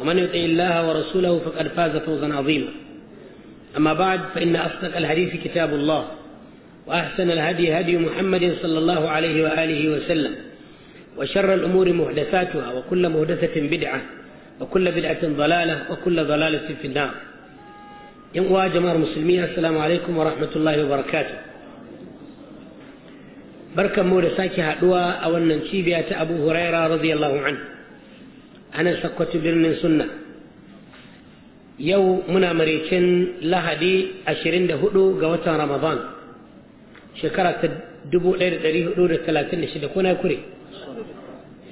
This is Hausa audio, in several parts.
ومن يطع الله ورسوله فقد فاز فوزا عظيما أما بعد فإن أصدق الحديث كتاب الله وأحسن الهدي هدي محمد صلى الله عليه وآله وسلم وشر الأمور محدثاتها وكل محدثة بدعة وكل بدعة ضلالة وكل ضلالة في النار ينقوى جماعة المسلمين السلام عليكم ورحمة الله وبركاته بركة مورساكي هدوى أو الننشيبية أبو هريرة رضي الله عنه ana nan birnin sunna yau muna maraicin lahadi 24 ga watan ramadan shekara ta 1436 ko na kure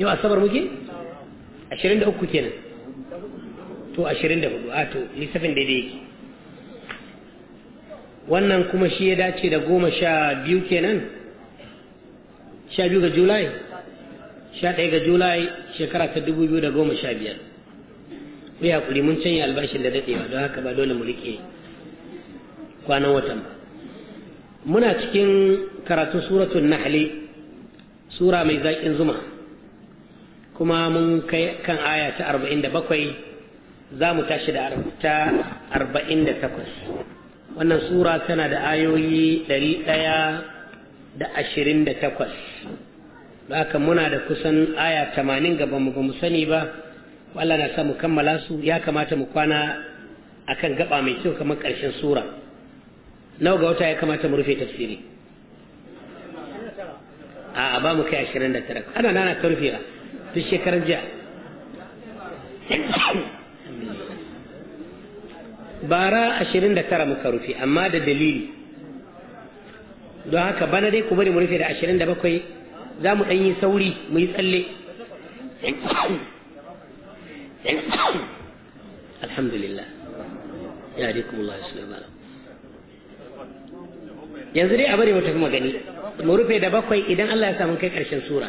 yau asabar muke 23 kenan to 24 a to lissafin daidai yake wannan kuma shi ya dace da 12 kenan 12 ga julai ɗaya ga julai shekara ta dubu biyu da goma sha biyar, ku ya kuri mun canya albashin da dadewa don haka ba dole mu rike kwanan watan muna cikin karatun suratun nahli sura mai zaƙin zuma kuma mun kai kan aya ta 47 za mu tashi da ta 48 wannan sura tana da ayoyi da 128 haka muna da kusan aya tamanin gaba mu ba mu sani ba Allah na sa mu kammala su ya kamata mu kwana akan gaba mai kyau kamar ƙarshen sura nawa ga wata ya kamata mu rufe tafsiri a ba mu kai ashirin da tara ana nana ta rufe duk shekarar jiya bara ashirin da tara muka rufe amma da dalili don haka bana dai ku bari mu rufe da ashirin da bakwai za mu ɗan yi sauri mu yi tsalle alhamdulillah ya Allah yanzu dai a bari mu tafi magani mu rufe da bakwai idan Allah ya samu kai ƙarshen sura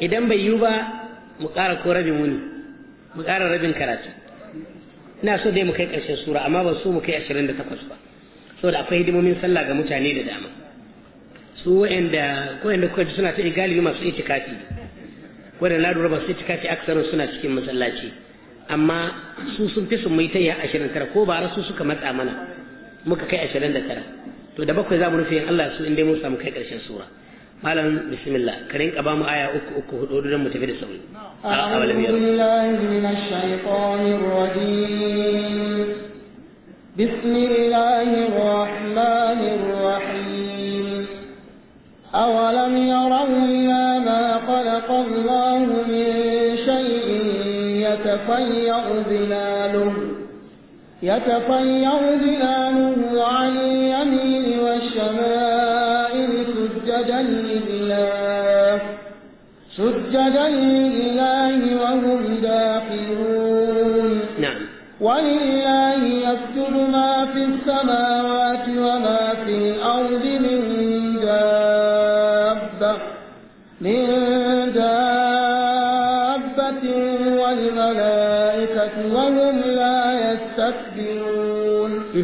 idan bai yiwu ba mu ƙara ko rabin wuni mu ƙara rabin karatu ina so dai mu kai ƙarshen sura amma ba so mu kai 28 ba saboda akwai hidimomin sallah ga mutane da dama su wa'anda ko yanda kuka suna ta galibi masu itikafi wanda na lura masu itikafi aksarin suna cikin masallaci amma su sun fi su mai tayya ashirin tara ko bara su suka matsa mana muka kai ashirin da tara to da bakwai za mu rufe Allah su inda mun samu kai karshen sura malam bismillah ka rinka ba mu aya uku uku hudu hudu don mu tafi da sauri a'udhu billahi minash الشيطان الرجيم bismillahir rahmanir يتطير ظلاله يتطير ظلاله عن اليمين والشمائل سجدا لله سجدا لله وهم داخلون نعم ولله يسجد ما في السماوات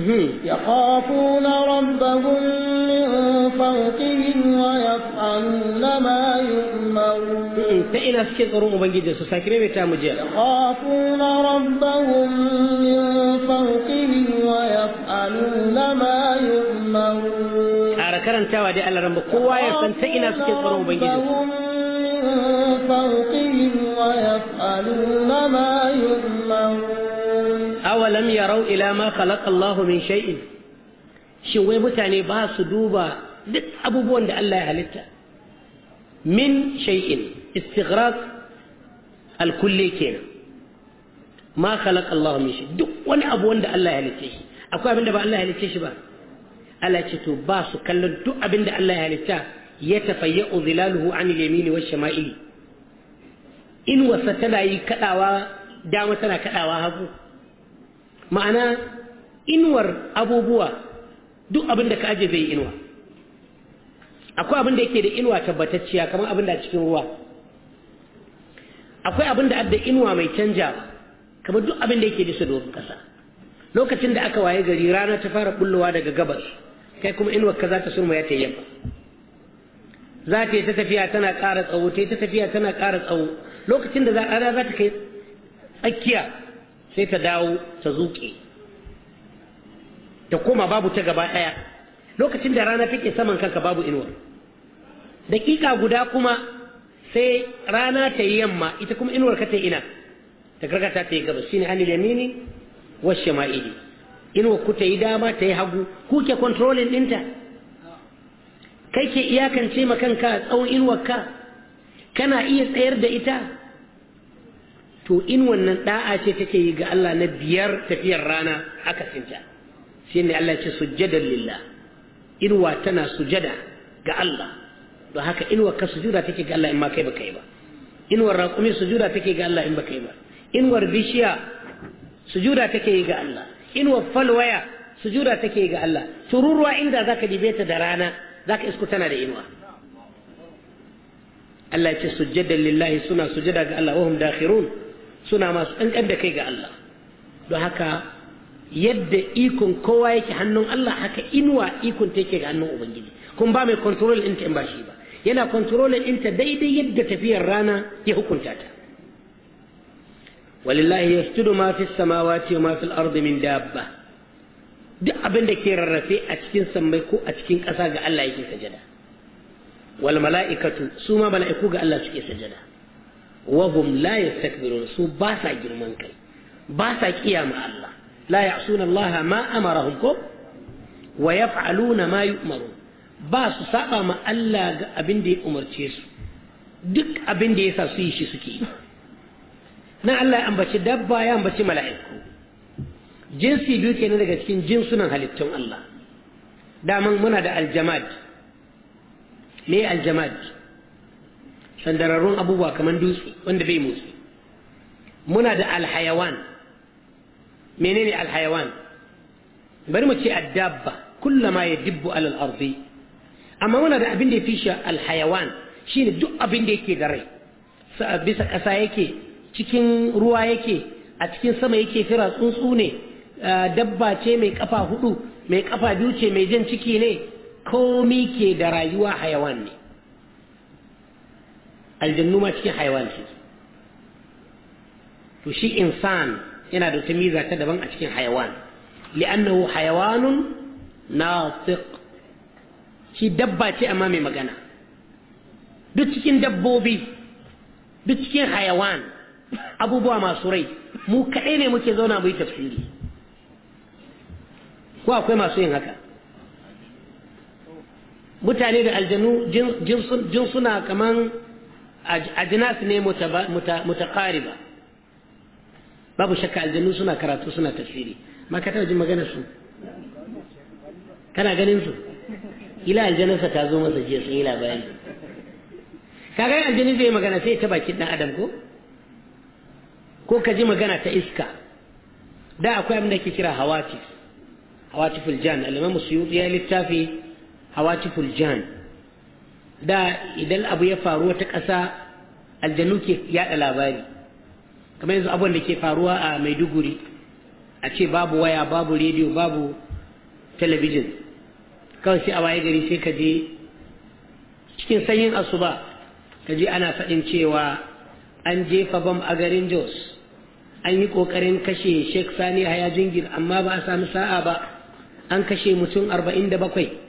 فيه يخافون ربهم من فوقهم ويفعلون ما يؤمرون فإن أسكت أروم بنجد سكريم تامجير يخافون ربهم من فوقهم ويفعلون ما يؤمرون أركرن تاوى دي ألا رمب قوة يسن سئنا سكت أروم بنجد فوقهم ويفعلون ما يؤمرون awalam yarau ila ma khalaqa Allah min shay'in shin wai mutane ba su duba duk abubuwan da Allah ya halitta min shay'in istighraq al-kulli kenan ma khalaqa Allah min shay duk wani abu wanda Allah ya halitta shi akwai abin da ba Allah ya halitta shi ba Allah ce to ba su kallon duk abin da Allah ya halitta ya tafayya zilaluhu an yamini wa shama'ili in wasa tana yi kadawa dama tana kadawa hagu ma'ana inuwar abubuwa duk abin da ka aje zai inuwa akwai abin da yake da inuwa tabbatacciya kamar abin da a cikin ruwa akwai abin da adda inuwa mai canja kamar duk abin da yake da doron kasa lokacin da aka waye gari rana ta fara bullowa daga gabas kai kuma inuwar ka za ta surma ya ta yamma za ta yi ta tafiya tana ƙara tsawo ta yi ta tafiya tana ƙara tsawo lokacin da rana za ta kai tsakiya sai ta dawo ta zuƙe ta koma babu ta gaba ɗaya lokacin da rana take saman kanka babu inuwa daƙiƙa guda kuma sai rana ta yi yamma ita kuma inuwar ka ta ina ta karkata ta yi gabas shine hannun yamini wa shama'ili inuwar ku ta yi dama ta yi hagu ku ke kontrolin ɗinta kai ke iyakance ma kanka tsawon inuwar ka kana iya tsayar da ita to in wannan da'a ce take yi ga Allah na biyar tafiyar rana aka sinta shi ne Allah ce sujjadan lillah irwa tana sujada ga Allah don haka inwa ka sujuda take ga Allah in ma kai ba kai ba inwar raƙumi sujuda take ga Allah in ba kai ba inwar bishiya sujuda take yi ga Allah inwar falwaya sujuda take yi ga Allah tururuwa inda za ka dibe ta da rana za ka isko tana da inuwa Allah ya ce sujjadan lillahi suna sujada ga Allah wahum dakhirun suna masu ɗanɗan da kai ga Allah don haka yadda ikon kowa yake hannun Allah haka inuwa ikon ta yake ga hannun Ubangiji kun ba mai control ɗinta in ba shi ba yana control ɗinta daidai yadda tafiyar rana ya hukunta ta walillahi yasjudu ma fi samawati wa ma min dabba duk abin da ke rarrafe a cikin sammai ko a cikin ƙasa ga Allah yake sajada wal mala'ikatu su ma mala'iku ga Allah suke sajada wa hum la yastakbirun su ba girman kai basa sa kiyama Allah la ya'suna Allah ma amarahum ko wa yaf'aluna ma yu'marun ba su saba ma Allah ga abin da ya umarce su duk abin da ya sa suyi shi suke na Allah ya ambaci dabba ya ambaci mala'iku jinsi biyu kenan daga cikin jinsunan halittun Allah daman muna da aljamad me aljamad sandararrun abubuwa kamar dutse wanda bai motsi muna da alhayawan menene alhayawan bari mu ce addabba kullama ya dibbu alal ardi amma muna da abin da ya shi alhayawan shine duk abin da yake da rai bisa ƙasa yake cikin ruwa yake a cikin sama yake fira tsuntsu ne dabba ce mai kafa hudu mai kafa biyu ce mai jan ciki ne komi ke da rayuwa hayawan ne aljannu ma cikin haiwan ce to shi insan yana da wata miza ta daban a cikin haiwan li'annahu hayawanun natiq shi dabba ce amma mai magana duk cikin dabbobi duk cikin hayawan abubuwa masu rai mu kaɗai ne muke zauna mu yi tafsiri ko akwai masu yin haka mutane da aljanu jinsuna kaman ajnas ne mutaqariba babu shakka aljannu suna karatu suna tafsiri ma ka taɓa jin maganar su kana ganin ila aljanarsa ta zo masa jiya sun yi labari kaga yin aljani zai magana ta bakin dan adam ko ko ka ji magana ta iska da akwai abin da ke kira hawatif hawatiful jan al'imamu suyuti ya littafi hawatiful jan da idan abu ya faru wata ƙasa aljanu ke yaɗa labari kamar yanzu abin da ke faruwa a maiduguri a ce babu waya babu rediyo babu talabijin kawai sai a waye gari sai ka je cikin sanyin asuba ka je ana faɗin cewa an jefa bam a garin jos an yi ƙoƙarin kashe shek sani haya jingir amma ba a sami sa'a ba an kashe mutum arba'in da bakwai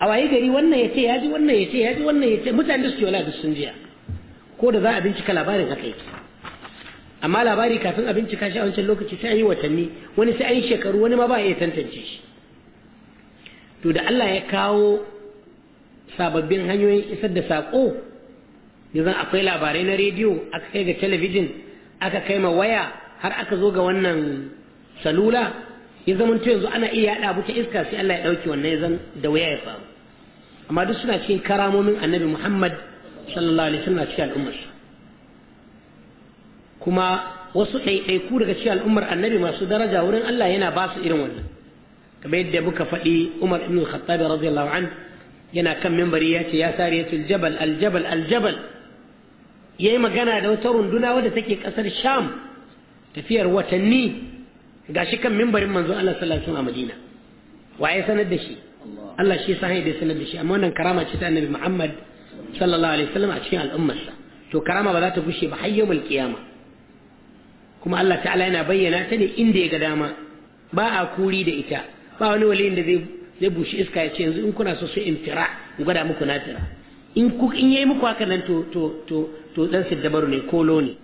a waye gari wannan ya ce ya ji wannan ya ce ya ji wannan ya ce mutane da su wala da sun jiya ko da za a bincika labarin haka yake amma labari kafin a bincika shi a wancan lokaci sai an yi watanni wani sai an yi shekaru wani ma ba a tantance shi to da Allah ya kawo sababbin hanyoyin isar da sako yanzu akwai labarai na rediyo aka kai ga talabijin aka kai ma waya har aka zo ga wannan salula ya zamanto yanzu ana iya yada abu iska sai Allah ya ɗauke wannan zan da waya ya faru amma duk suna cikin karamomin annabi Muhammad sallallahu alaihi wasallam cikin al'ummar kuma wasu ɗaiɗaiku daga cikin al'ummar annabi masu daraja wurin Allah yana ba su irin wannan kamar yadda muka faɗi Umar ibn Khattab radiyallahu anhu yana kan mimbari ya ce ya sariyatul jabal aljabal aljabal yayi magana da wata runduna wadda take kasar Sham tafiyar watanni Ga shi kan mimbarin manzo Allah sallallahu alaihi wasallam a Madina waye sanar da shi Allah shi sahi da sanar da shi amma wannan karama ce ta Annabi Muhammad sallallahu alaihi wasallam a cikin al'ummarsa to karama ba za ta gushe ba har yawmal kiyama kuma Allah ta'ala yana bayyana ta ne inda ya ga dama ba a kuri da ita ba wani waliyin da zai zai bushi iska ya ce yanzu in kuna so su intira in gwada muku natira in ku in yayi muku haka nan to to to to dan siddabaru ne ko ne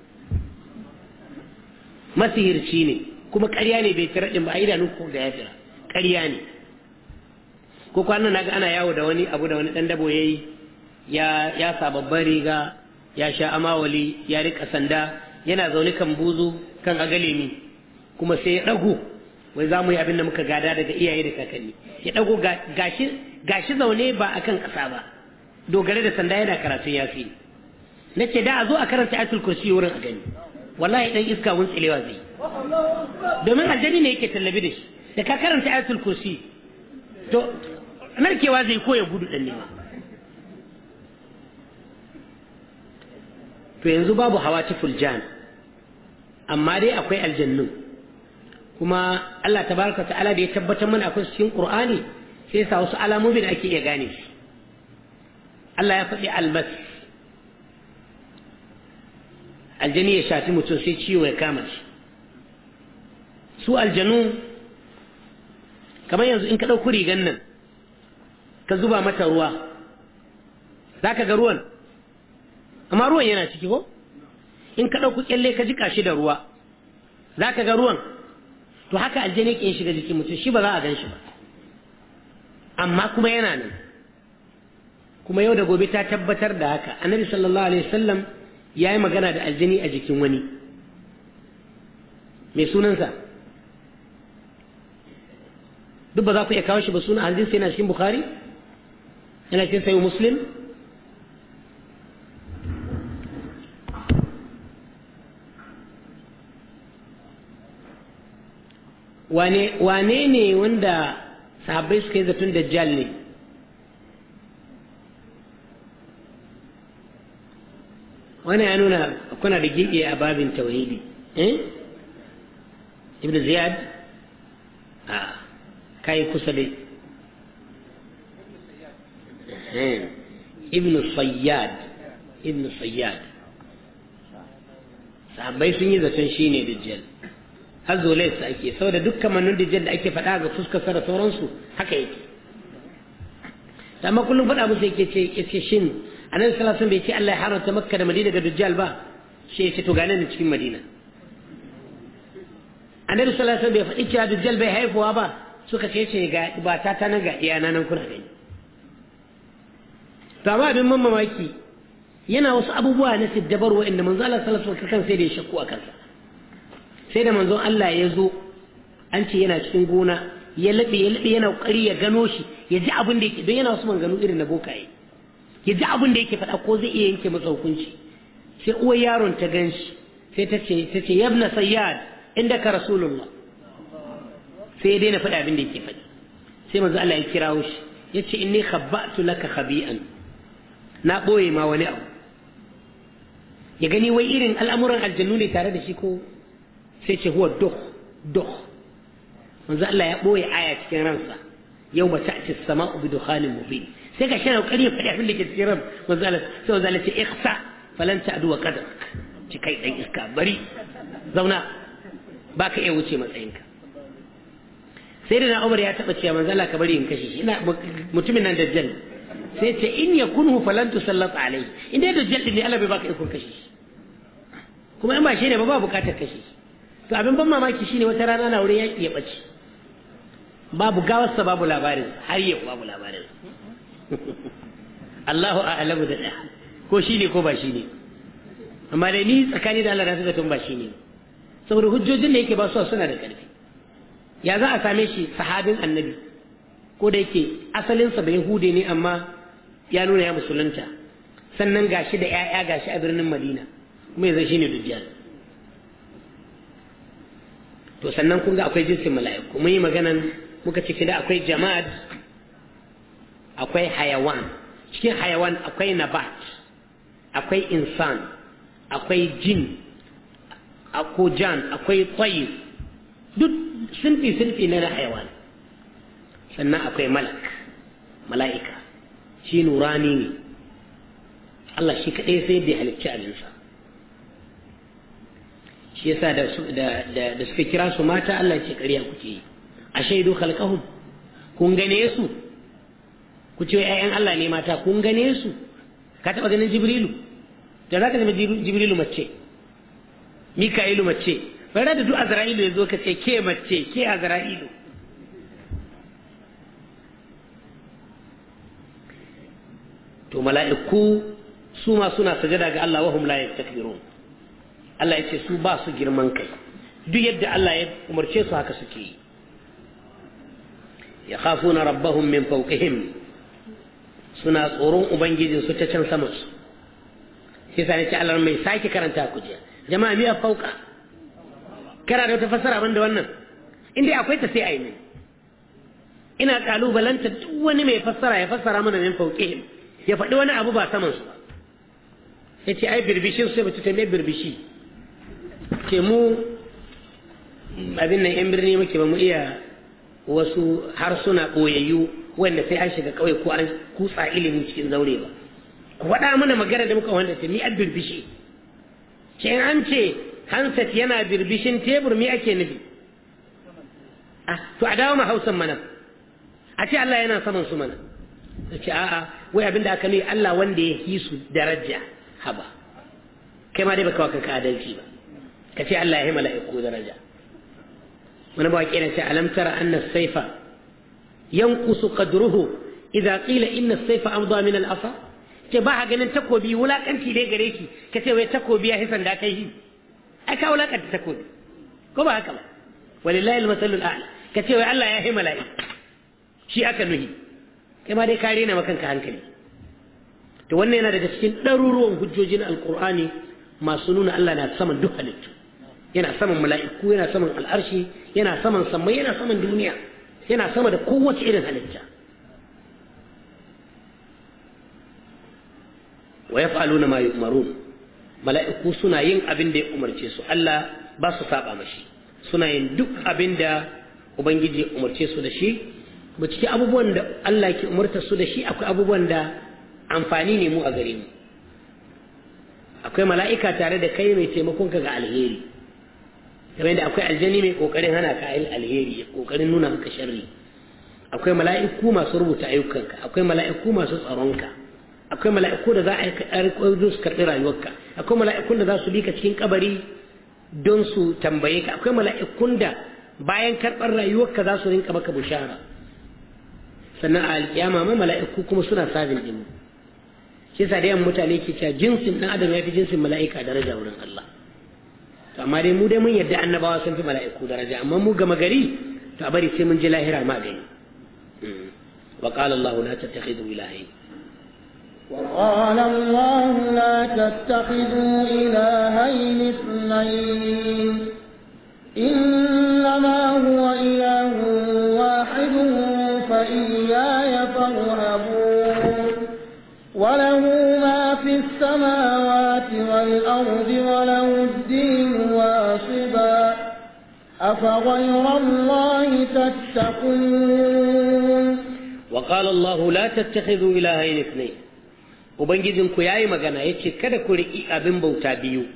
masihirci ne kuma ƙarya ne bai kira ba a yi idanun nuku da ya ƙarya ne ko kwanan naga ana yawo da wani abu da wani ɗan dabo yayi ya ya sa babban riga ya sha amawali ya rika sanda yana zaune kan buzu kan agalemi kuma sai ya ɗago wai za mu yi abin da muka gada daga iyaye da kakanni ya ɗago gashi zaune ba a kan ƙasa ba dogare da sanda yana karatu na nace da a zo a karanta ayatul kursi wurin a gani wallahi ɗan iska wun tsilewa zai yi. domin aljani ne yake tallabi da shi da ka karanta ayatul kursi to narkewa zai koya gudu dan nema to yanzu babu hawa ta fuljan amma dai akwai aljannu kuma Allah tabaraka ala da ya tabbatar mana akwai cikin Qur'ani sai yasa sa wasu alamomi da ake iya gane shi Allah ya faɗi almas aljani ya shafi mutum sai ciwo ya kama shi su aljanu kamar yanzu in ka ɗauki rigan nan ka zuba mata ruwa za ka ga ruwan amma ruwan yana ciki ko in ka ɗauki kyalle ka jika shi da ruwa za ka ga ruwan to haka aljani ke shiga jikin mutum shi ba za a gan shi ba amma kuma yana nan kuma yau da gobe ta tabbatar da haka annabi sallallahu alaihi wasallam ya yi magana da aljani a jikin wani mai sunansa duk ba za ku iya kawo shi ba suna hadisi yana cikin bukhari yana cikin sayi muslim wane ne wanda sahabbai suka yi zaton dajjal ne wani ya nuna kuna da gige a babin tauhidi eh ibn ziyad a ah. kai kusa dai eh. ibn sayyad ibn sayyad sahabbai sun yi zaton shine dajjal har zolaisa ake saboda dukkan manun dijjal da ake faɗa ga fuskar sa da sauransu haka yake amma kullum faɗa musu yake ce yake shin annabi sallallahu alaihi bai ce Allah ya haramta makka da madina ga dijjal ba shi ya ce to gane ni cikin madina a nan alaihi bai faɗi cewa dijjal bai haifuwa ba suka ce ce ga ba ta ta nan ga iyana nan kuna gani to amma abin man mamaki yana wasu abubuwa na siddabar wa'anda manzo Allah sallallahu alaihi wasallam sai da ya shakku a kansa sai da manzon Allah ya zo an ce yana cikin gona ya labe ya labe yana kokari ya gano shi ya ji abin da yake don yana wasu manganu irin na bokaye ya ji abin da yake faɗa ko zai iya yanke masa hukunci sai uwar yaron ta gan shi sai ta ce ta ce yabna sayyad inda ka rasulullah sai ya daina faɗi abin da yake faɗi sai manzo Allah ya kirawo shi yace inni khabatu laka khabi'an na boye ma wani abu ya gani wai irin al'amuran aljannu ne tare da shi ko sai ce huwa duh duh manzo Allah ya boye aya cikin ransa yau ba ta'ti as-sama'u bi dukhanin mubin sai ga shana kokari ya faɗi abin da ke cikin ran manzo Allah sai manzo Allah ya ce ikhsa falan ta'du wa qadar ci kai dan iska bari zauna baka iya wuce matsayinka sai da Umar ya taba cewa manzo Allah ka bari in kashe shi ina mutumin nan dajjal sai ce in yakunhu falan tusallat alai in dai dajjal din Allah bai baka ikon kashe shi kuma in ba shi ne ba ba bukatar kashe shi to abin ban mamaki shine wata rana na wuri yaki ya bace babu gawarsa babu labarin har yau babu labarin Allahu a'lamu da ko shine ko ba shine amma dai ni tsakani da Allah na tun ba shine saboda hujjojin da yake ba su suna da karfi ya za a same shi sahabin annabi ko da yake asalinsa bai hude ne amma ya nuna ya musulunta sannan gashi da 'ya'ya gashi a birnin madina kuma yanzu shine dujjal to sannan kun ga akwai jinsin mala'iku mun yi maganan muka ce da akwai jama'ad akwai hayawan cikin hayawan akwai nabat akwai insan akwai jin ko jan akwai tsayi duk sinfi sinfi ne na haiwan sannan akwai malak mala'ika shi nurani ne Allah shi kaɗai sai da halicci abinsa shi yasa da suka kira su mata Allah ce ƙarya kuke yi a shaidu khalqahum kun gane su ku ce ƴaƴan Allah ne mata kun gane su ka taɓa ganin Jibrilu da za ka zama Jibrilu mace Mika'ilu mace bai da duk azra'ilu ya zo ka ce ke mace ke azra'ilu to mala'iku su ma suna sajada ga Allah wahum la yastakbirun Allah ya ce su ba su girman kai duk yadda Allah ya umarce su haka suke yi ya khafuna rabbahum min fawqihim suna tsoron ubangijin su ta can samansu sai sai ce Allah mai sake karanta ku je jama'a miya fauka kana da wata fassara ban da wannan in akwai ta sai a yi min ina kalubalanta duk wani mai fassara ya fassara mana min fauke ya faɗi wani abu ba saman su ba ya ce ai birbishin sai ta mai birbishi ce mu abin nan yan birni muke ba mu iya wasu harsuna ɓoyayyu wanda sai an shiga kawai ko an kutsa ilimi cikin zaure ba ku faɗa mana magana da muka wanda ce ni an birbishi ce an ce handset yana birbishin tebur me ake nufi ah, to a dawo ma hausan mana a ce Allah yana saman su mana ta ce a'a wai abinda aka nuna Allah wanda ya yi su daraja haba kai ma dai baka wakan ka adalci ba ka ce Allah ya yi mala'iku daraja wani ba wakilin ce alam tara anna saifa yankusu qadruhu idza qila inna saifa amda min al-asa ce ba ganin takobi wulakanci dai gare shi kace wai takobi ya hisan da kai ai ka wulakanta takobi ko ba haka ba walillahi almasalul a'la ka ce wai Allah ya hi mala'i shi aka nuhi kai ma dai ka rena makanka hankali to wannan yana daga cikin ɗaruruwan hujjojin alqur'ani masu nuna Allah na saman duk halittu yana saman mala'iku yana saman al'arshi yana saman sammai yana saman duniya yana sama da kowace irin halitta wa yaf'aluna ma yu'marun mala'iku suna yin abin da ya umarce su Allah ba su saba mashi suna yin duk abin da ubangiji ya umarce su da shi ba ciki abubuwan da Allah ke umarta su da shi akwai abubuwan da amfani ne mu a gare mu akwai mala'ika tare da kai mai taimakon ka ga alheri kamar yadda akwai aljani mai kokarin hana ka alheri kokarin nuna maka sharri akwai mala'iku masu rubuta ayyukanka akwai mala'iku masu tsaronka akwai mala'iku da za a zo su karɓi rayuwarka akwai mala'ikun da za su bi ka cikin kabari don su tambaye ka akwai mala'ikun da bayan karɓar rayuwarka za su rinka maka bushara sannan a alƙiyama ma mala'iku kuma suna sabin ɗin shi sa da yawan mutane ke cewa jinsin ɗan adam ya fi jinsin mala'ika daraja wurin Allah to amma dai mu dai mun yarda annabawa sun fi mala'iku daraja amma mu gama gari to a bari sai mun je lahira ma gani mm. wa qala Allah la tattakhidhu ilahayn وقال الله لا تتخذوا إلهين اثنين إنما هو إله واحد فإياي فارهبون وله ما في السماوات والأرض وله الدين واصبا أفغير الله تتقون وقال الله لا تتخذوا إلهين اثنين ubangijinku ya yi magana ya ce kada ku riƙi abin bauta biyu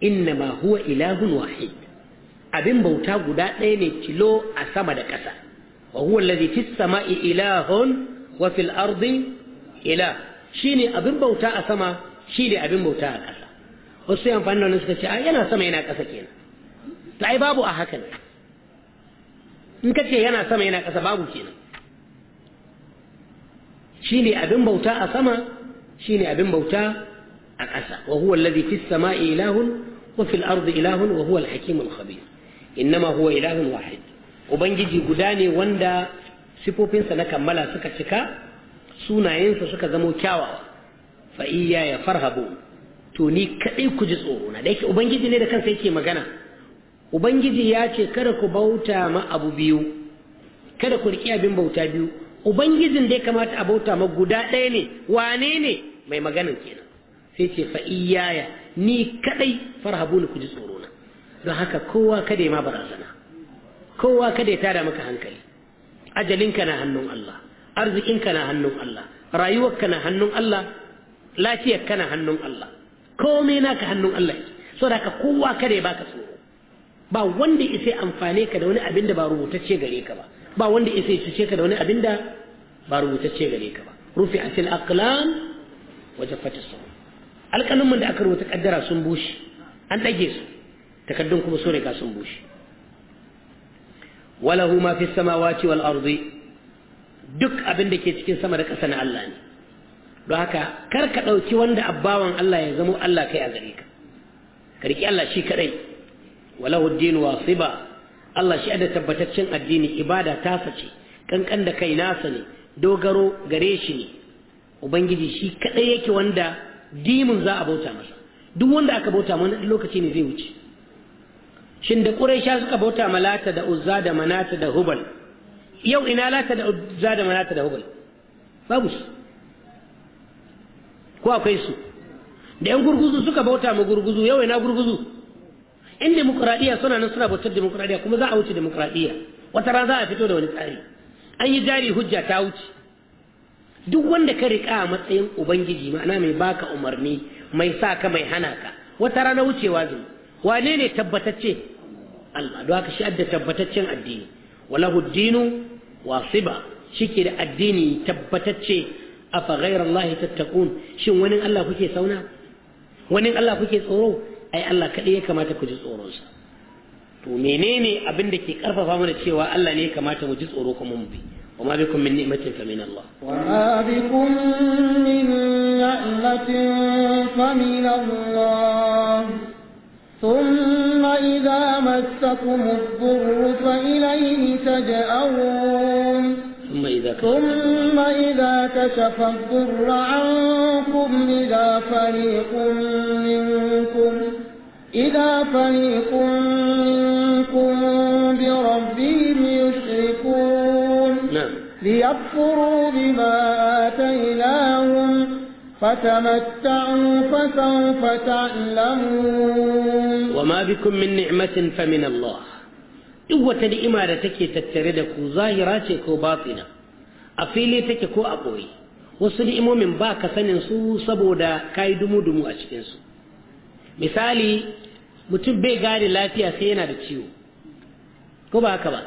inna ma huwa ilahun wahid abin bauta guda ɗaya ne tilo a sama da ƙasa wa huwa allazi fi sama'i ilahun wa fil ardi shi shine abin bauta a sama shine abin bauta a ƙasa wasu yan fannin nan suka ce a yana sama yana ƙasa kenan to ai babu a hakan in ka ce yana sama yana ƙasa babu kenan shine abin bauta a sama shine abin bauta a ƙasa wa huwa alladhi sama'i ilahun wa fil ilahun wa huwa al-hakimul khabir innama huwa ilahun wahid ubangiji guda ne wanda sifofinsa na kammala suka cika sunayensa suka zamo kyawawa fa iya ya farhabu to ni kadai ku ji tsoro na da ubangiji ne da kansa yake magana ubangiji ya ce kada ku bauta ma abu biyu kada ku riƙi abin bauta biyu ubangijin da ya kamata a bauta ma guda ɗaya ne wanene? mai maganin kenan sai ce fa iyaya ni kadai farhabuni ku ji tsoro na don haka kowa kada ma barazana kowa kada ya tada maka hankali ajalinka na hannun Allah arzikinka na hannun Allah rayuwarka na hannun Allah lafiyarka na hannun Allah komai naka hannun Allah saboda haka kowa kada ya baka tsoro ba wanda isa amfane ka da wani abin da ba rubutacce gare ka ba ba wanda isa ya cuce ka da wani abin da ba rubutacce gare ka ba rufi asil aqlam wajen su alƙalin da aka rubuta kaddara sun bushe an ɗage su takardun kuma sun riga sun bushe walahu ma fi samawati wal ardi duk abin da ke cikin sama da ƙasa na Allah ne don haka kar ka ɗauki wanda abawan Allah ya zamo Allah kai a gare ka ka riƙi Allah shi kaɗai walahu dinu wasiba Allah shi da tabbataccen addini ibada ta sace kankan da kai nasa ne dogaro gare shi ne ubangiji shi kadai yake wanda dimin za a bauta masa duk wanda aka bauta mana lokaci ne zai wuce shin da quraisha suka bauta ma lata da uzza da manata da hubal yau ina lata da uzza da manata da hubal babu su ko akwai su da yan gurguzu suka bauta ma gurguzu yau ina gurguzu in demokradiyya suna nan suna bautar demokradiyya kuma za a wuce demokradiyya wata rana za a fito da wani tsari an yi jari hujja ta wuce duk wanda ka riƙa a matsayin ubangiji ma'ana mai baka umarni mai sa ka mai hana ka wata rana wucewa zai wane ne tabbatacce Allah don haka shi adda tabbataccen addini walahu dinu wasiba shike da addini tabbatacce fa ghayra Allah tattaqun shin wani Allah kuke sauna wani Allah kuke tsoro ai Allah kadai ya kamata ku ji tsoronsa to menene abin da ke karfafa mana cewa Allah ne ya kamata mu ji tsoro kuma mu bi وما بكم من نعمة فمن الله وما بكم من نعمة فمن الله ثم إذا مسكم الضر فإليه تجأرون ثم إذا كشف, ثم إذا كشف الضر عنكم إذا فريق منكم إذا فريق منكم بربكم ليكفروا بما آتيناهم فتمتعوا فسوف تعلمون وما بكم من نعمة ce ko إوة نعمة تكي تتردك ظاهراتك باطنة أفيلي تكي كو أقوي wasu ni'imomin ba ka sanin su saboda ka yi dumu-dumu a cikinsu misali mutum bai gane lafiya sai yana da ciwo ko ba haka ba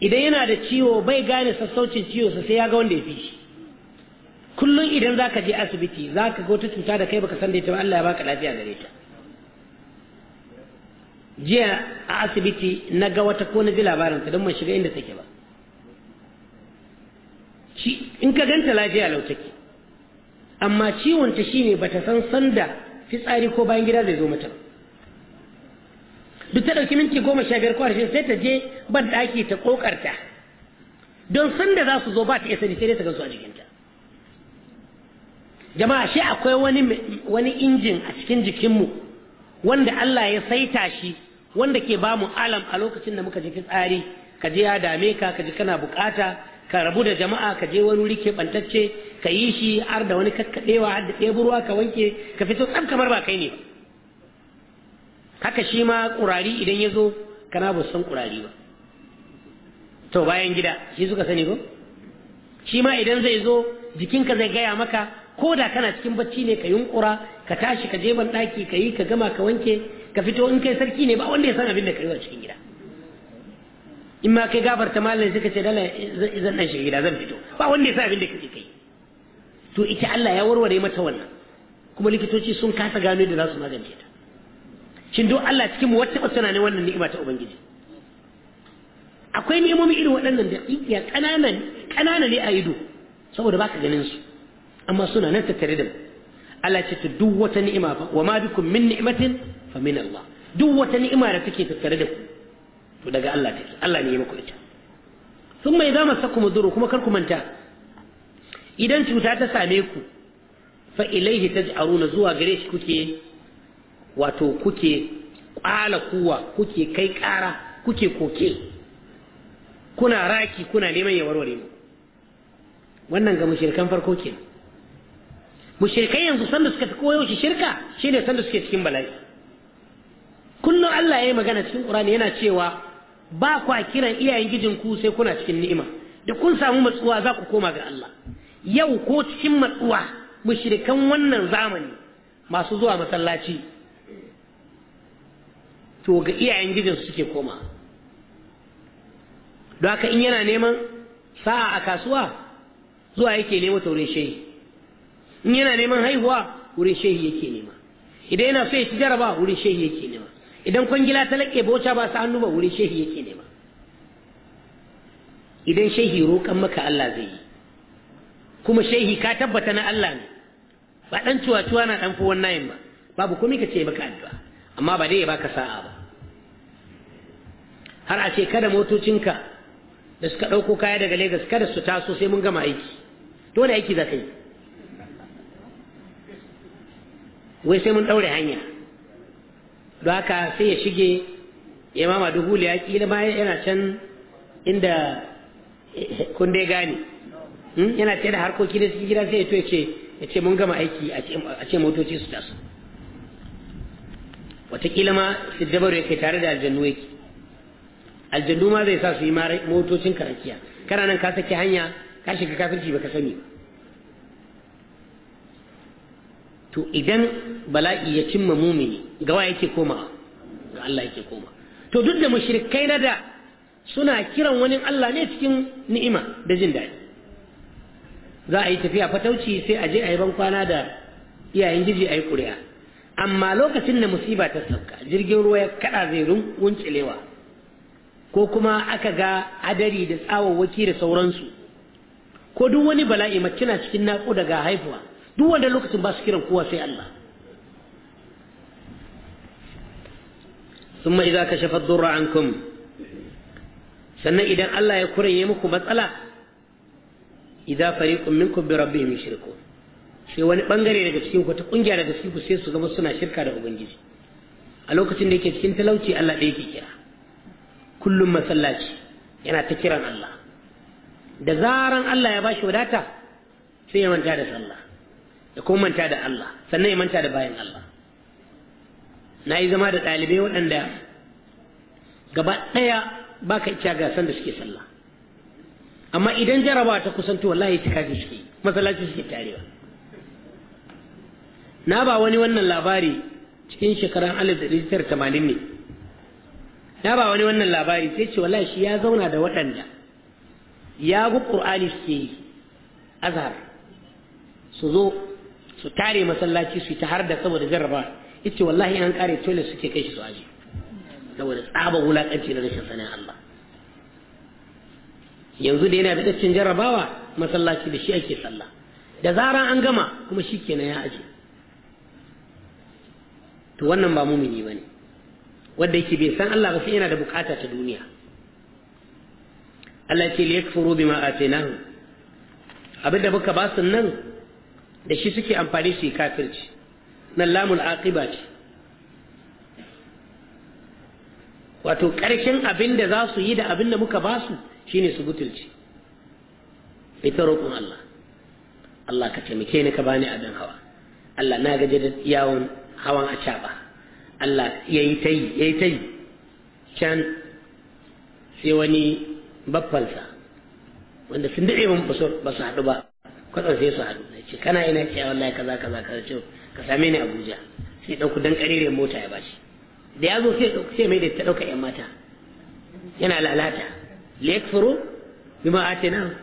idan yana da ciwo bai gane sassaucin ciwo sai ya ga wanda ya fi shi kullum idan za ka je asibiti za ka ga wata cuta da kai baka san da ita ba Allah ya baka lafiya gare ta jiya a asibiti na ga wata ko na ji labarin ta don mun shiga inda take ba in ka ganta lafiya lau take amma ciwon ta shine bata san sanda fitsari ko bayan gida zai zo mata ba duk ta ɗauki minti goma sha biyar ko sai ta je ban ɗaki ta ƙoƙarta don san da za su zo ba ta iya sani sai dai ta gansu a jikinta jama'a shi akwai wani injin a cikin jikinmu wanda Allah ya saita shi wanda ke ba mu alam a lokacin da muka ji fitsari ka je ya dame ka ka ji kana bukata ka rabu da jama'a ka je wani wuri ke bantacce ka yi shi har da wani kakkaɗewa har da ɗeburwa ka wanke ka fito tsab kamar ba kai ne ba haka shi ma kurari idan ya zo kana ba san kurari ba to bayan gida shi suka sani ko shi ma idan zai zo jikinka zai gaya maka ko da kana cikin bacci ne ka yunkura ka tashi ka je ban ɗaki ka yi ka gama ka wanke ka fito in kai sarki ne ba wanda ya san abin da ka yi a cikin gida in ma kai gafarta malam suka ce dala zan dan shiga gida zan fito ba wanda ya san abin da kake kai to ita Allah ya warware mata wannan kuma likitoci sun kasa gano da za su magance ta shin don Allah cikin mu wata tsana ne wannan ni'ima ta ubangiji akwai ni'imomi irin waɗannan da ya ƙananan ƙanana ne a ido saboda baka ganin su amma suna nan tattare da mu Allah ce ta duk wata ni'ima fa wa ma bikum min ni'matin fa min Allah duk wata ni'ima da take tattare da ku to daga Allah take Allah ne ya muku ita sun mai zama sa kuma duro kuma karku manta idan cuta ta same ku fa ilaihi taj'aruna zuwa gare shi kuke wato kuke ƙwala kuwa kuke kai ƙara kuke koke kuna raki kuna neman ya warware mu wannan ga mushirkan farko ke mushirkai yanzu sanda suka fi koyo shi shirka shine sanda suke cikin bala'i kullum Allah ya yi magana cikin Qur'ani yana cewa ba kwa kiran iyayen gijinku sai kuna cikin ni'ima da kun samu matsuwa za ku koma ga Allah yau ko cikin matsuwa mushirikan wannan zamani masu zuwa masallaci to ga iyayen gidan suke koma don haka in yana neman sa'a a kasuwa zuwa yake nema ta wurin shehi in yana neman haihuwa wurin shehi yake nema idan yana so ya ci jaraba wurin shehi yake nema idan kwangila ta laƙe bauta ba su hannu ba wurin shehi yake nema idan shehi roƙan maka Allah zai yi kuma shehi ka tabbata na Allah ne ba ɗan cuwa-cuwa na ɗan fi nayin ba babu komai ka ce baka addu'a amma ba dai ya baka sa'a ba har a ce kada motocinka da suka ɗauko kaya daga Legas kada su taso sai mun gama aiki dole aiki za ka yi wai sai mun ɗaure hanya don haka sai ya shige ya mama dubu ya kila ma yana can inda Kunde gani gane hmm? yana ce da harkoki da cikin gida sai ya to ya ce mun gama aiki a ce motoci su taso watakila ma su dabaru ya kai tare da aljannu yake aljannu ma zai sa su yi motocin karakiya kana nan ka saki hanya ka shiga kafirci baka sani to idan bala'i ya cimma mumini gawa yake koma ga Allah yake koma to duk da mushrikai na da suna kiran wani Allah ne cikin ni'ima da jin daɗi za a yi tafiya fatauci sai a je a yi ban kwana da iyayen jiji a yi ƙuri'a amma lokacin da musiba ta sauka jirgin ruwa ya kaɗa zai runcilewa ko kuma aka ga adari da tsawawwaki da sauransu ko duk wani bala'i mace na cikin naƙuda daga haifuwa duk wanda lokacin ba su kiran kowa sai Allah ka ثم إذا كشف الضر ya سنة إذا matsala. Idan يمكم kun إذا فريق rabbi بربهم shirku sai wani bangare daga cikin ku ta kungiya daga cikin ku sai su gama suna shirka da ubangiji a lokacin da yake cikin talauci Allah ɗaya ke kira kullum masallaci yana ta kiran Allah da zaran Allah ya bashi wadata sai ya manta da sallah ya kuma manta da Allah sannan ya manta da bayan Allah na yi zama da ɗalibai waɗanda gaba ɗaya ba ka iya gasan da suke sallah amma idan jarabawa ta kusanto wallahi itikafi suke masallaci suke tarewa na ba wani wannan labari cikin shekaran 1980 ne ya ba wani wannan labari sai ce wallahi shi ya zauna da waɗanda ya gu qur'ani suke yi azhar su zo su tare masallaci su ta har da saboda jarraba ita wallahi an kare tole suke kai shi su aji saboda tsaba wulakanci da rashin sanin Allah yanzu da yana da dacin jarrabawa masallaci da shi ake sallah da zara an gama kuma shi kenan ya aje to wannan ba mumini bane wanda yake bai san Allah ba sai yana da bukata ta duniya Allah ce li yakfuru bima atainahu abinda muka ba su nan da shi suke amfani su kafirci nan lamul aqiba ce wato karshen abin da za su yi da abin da muka ba su shine su butulci ita roƙon Allah Allah ka taimake ni ka bani abin hawa Allah na gaje da yawon hawan a caɓa Allah ya yi ta yi ya yi ta yi can sai wani baffalsa wanda sun daɗe mun ba su haɗu ba kwatsar sai su haɗu na ce kana ina ce ah, wallahi kaza kaza kaza ce ka same ni Abuja sai ɗauku dan ƙarere mota ya bashi da ya zo sai ɗauku sai mai da ta ɗauka ƴan mata yana lalata liyakfuru bima atina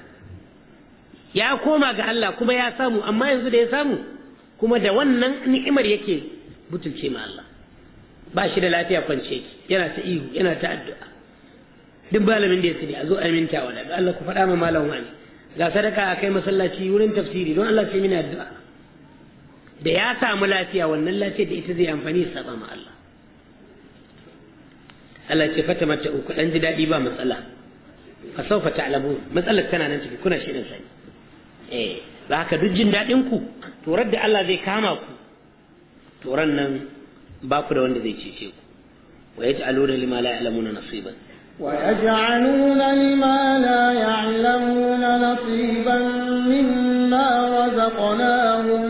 ya koma ga Allah kuma ya samu amma yanzu da ya samu kuma da wannan ni'imar yake butulce ma Allah ba shi da lafiya kwance yana ta ihu yana ta addu'a duk malamin da ya sani a zo aminta wa da Allah ku faɗa ma malam wani ga sadaka a kai masallaci wurin tafsiri don Allah sai mini addu'a da ya samu lafiya wannan lafiyar da ita zai amfani sa ba ma Allah Allah ce fata mata uku dan ji daɗi ba matsala fa saufa ta'lamun matsalar tana nan ciki kuna shirin sani eh ba ka duk jin daɗin ku to da Allah zai kama ku to nan ba ku da wanda zai ويجعلون لما لا يعلمون نصيبا ويجعلون لما لا يعلمون نصيبا مما رزقناهم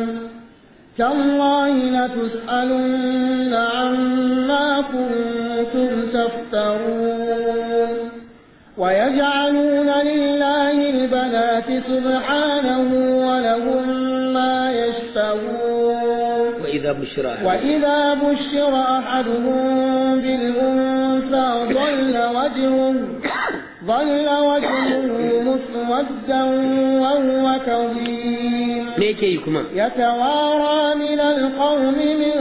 تالله لتسألن عما كنتم تفترون ويجعلون لله البنات سبحانه ولهم ما يشتهون وإذا بشر أحدهم وإذا بشر أحدهم بالأنثى ظل وجهه ظل وجهه مسودا وهو كظيم يتوارى من القوم من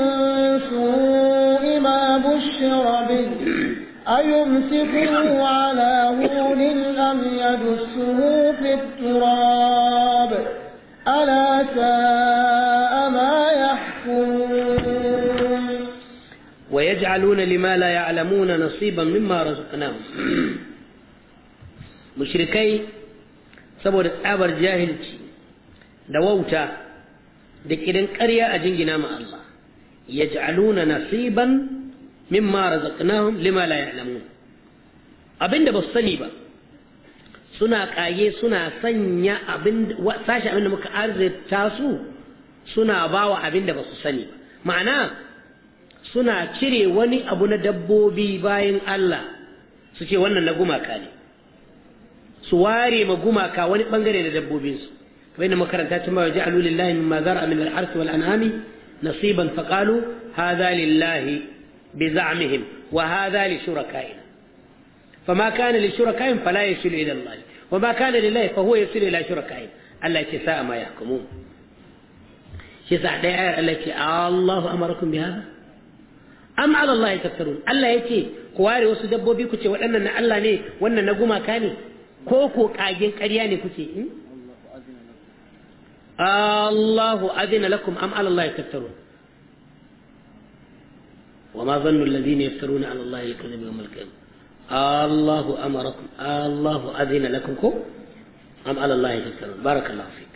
سوء ما بشر به أيمسكه على هون أم يدسه في التراب ألا سائل yaj'aluna lima la ya'lamuna nasiban mimma razaqnahum mushrikai saboda tsabar jahilci da wauta da kidan ƙarya a jingina ma Allah yaj'aluna nasiban mimma razaqnahum lima la ya'lamun abinda ba sani ba suna kage suna sanya abin sashi abinda muka arzita su suna bawa abinda ba su sani ba ma'ana suna cire wani abu na dabbobi bayan Allah su ce wannan na gumaka ne su ware ma gumaka wani bangare da dabbobinsu kamar yadda makaranta ta ma waje alulillahi mimma zar'a min al-arsi wal an'ami nasiban faqalu hadha lillahi bi za'mihim wa hadha li shurakaina fama kana li shurakain fala yasilu ila Allah wa ma kana lillahi fa huwa yasilu ila shurakain Allah ce sa'a ma yahkumun shi sa dai ayar Allah ce Allahu amarakum bi hadha am ala Allah taftarun Allah yace ku ware wasu dabbobi ku ce waɗannan na Allah ne wannan na gumaka ne ko ko kagen ƙarya ne kuke Allahu azina lakum am ala Allah taftarun وما ظن الذين يفترون على الله الكذب يوم القيامة الله أمركم الله أذن لكم كو أم على الله تفترون بارك الله فيك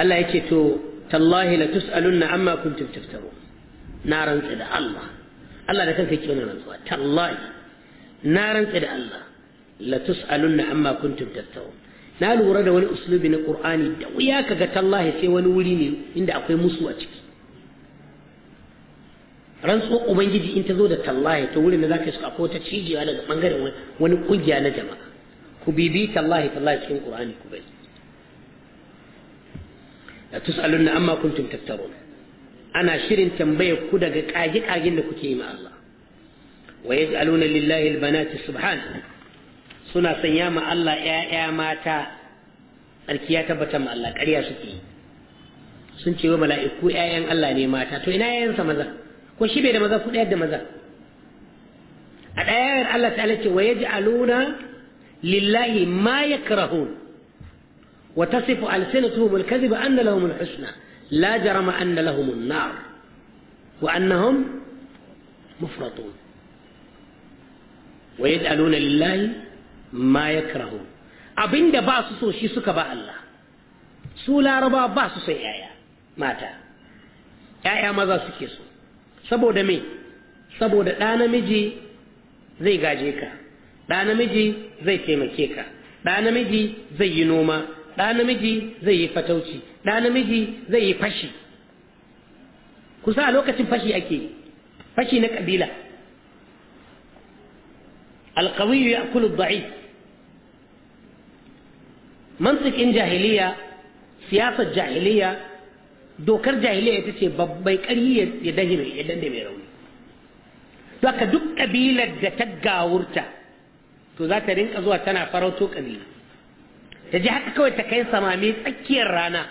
الله يكتو tallahi la tus'alunna amma kuntum na rantsa da Allah Allah da kanka yake wannan rantsuwa tallahi na rantsa da Allah la tus'alunna amma kuntum na lura da wani uslubi na Qur'ani da wuya kaga tallahi sai wani wuri ne inda akwai musu a ciki rantsuwar ubangiji in ta zo da tallahi ta wurin da za ka suka ko ta cijewa daga bangaren wani kungiya na jama'a ku bibi tallahi tallahi cikin Qur'ani ku bai la tus'alunna amma kuntum tattarun ana shirin tambayar ku daga kaji kagen da kuke yi ma Allah wa yaj'aluna lillahi albanati subhan suna sanya ma Allah ƴaƴa mata tsarki ya tabbata ma Allah ƙarya suke sun ce wa mala'iku ƴaƴan Allah ne mata to ina ƴaƴansa maza ko shi bai da maza ku ɗaya da maza a ɗayar Allah ta ce wa yaj'aluna lillahi ma yakrahun وتصف ألسنتهم الكذب أن لهم الحسنى لا جرم أن لهم النار وأنهم مفرطون ويدعون لله ما يكرهون أبين دا باسسو شي سكبا الله سولا ربا باسسو يا يا ماتا يا يا ماذا سكيسو سبو دمي سبو دا نمجي زي غاجيكا دا نمجي زي تيمكيكا دا نمجي زي نوما ɗa namiji zai yi fatauci ɗa namiji zai yi fashi kusa a lokacin fashi ake fashi na ƙabila alkawiyu ya kulu ba'i mantikin jahiliya siyasar jahiliya dokar jahiliya ita ce babbai ƙari ya dande mai rauni haka duk ƙabilar da ta gawurta to za ta rinka zuwa tana farauto ƙabila ta ji haka kawai ta kai samami tsakiyar rana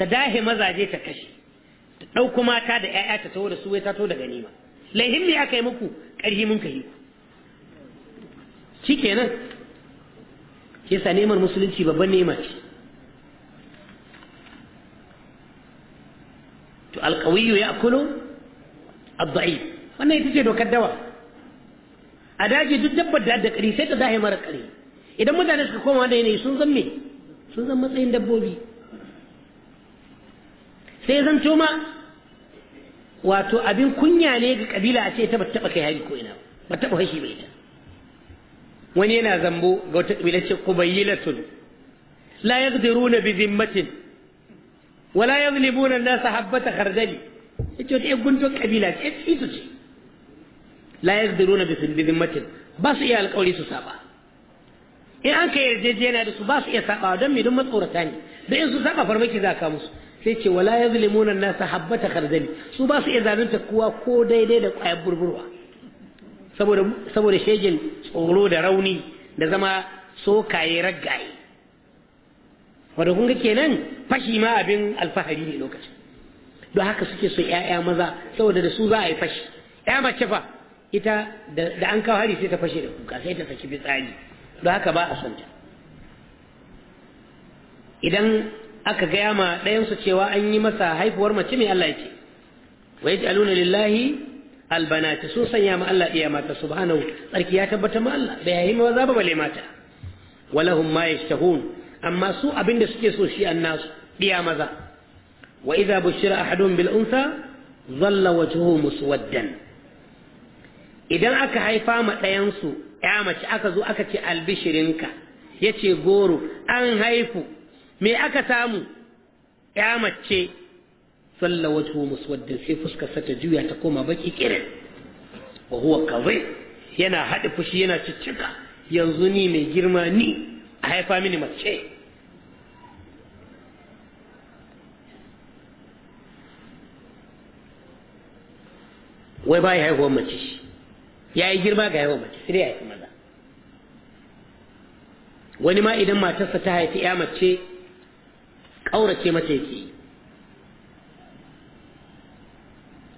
ta dahe mazaje ta kashe ta ɗauko mata da 'ya'ya ta taho da su wai ta to daga ganima laihin me aka yi muku ƙarhi mun kai shi kenan ke sa neman musulunci babban nema ce to alƙawiyu ya kulo abda'i wannan ita ce dokar dawa a daji duk dabbar da adda ƙari sai ta zahe mara ƙari idan mutane suka koma wanda yanayi sun zan me sun zan matsayin dabbobi sai zan coma wato abin kunya ne ga kabila a ce ta ba taɓa kai hari ko ina ba taɓa fashi ba ita wani yana zambo ga wata kabila ce kubayyilatun la yaqdiruna bi zimmatin wala yadhlibuna an-nasa habbata khardali ita ce gunto kabila ce ita ce la yaqdiruna bi zimmatin ba su iya alƙawari su saba in an kai na da su ba su iya saba don mai don matsorata ne da in su saba farmaki za ka musu sai ce wala na an-nasa habbata khardali su ba su iya zalunta kowa ko daidai da kwayar burburwa saboda saboda tsoro da rauni da zama sokaye raggaye wanda kun ga kenan fashi ma abin alfahari ne lokacin don haka suke so ya'ya maza saboda da su za a yi fashi ya mace fa ita da an kawo hari sai ta fashe da kuka sai ta saki fitsari don haka ba a santa idan aka gaya ma ɗayansu cewa an yi masa haifuwar mace mai Allah yake wa yaj'aluna lillahi albanati sun sanya ma Allah iya mata subhanahu tsarki ya tabbata ma Allah bai yayi maza ba bale mata walahum ma yashtahun amma su abinda suke so shi annasu iya maza wa idza bushira ahadun bil untha dhalla wajhuhu muswaddan idan aka haifa ma ɗayansu ya mace aka zo aka ce albishirinka ya ce goro an haifu me aka samu ya mace sallawatu muswaddin sai fuskarsa ta juya ta koma baki kirin wa huwa kazai yana haɗa fushi yana ciccika yanzu ni mai girma ni a haifa mini mace wai ba ya haihuwar mace ya yi girma ga yawan mace sai ya haifi maza wani ma idan matarsa ta haifi ya mace ƙaurace mata yake yi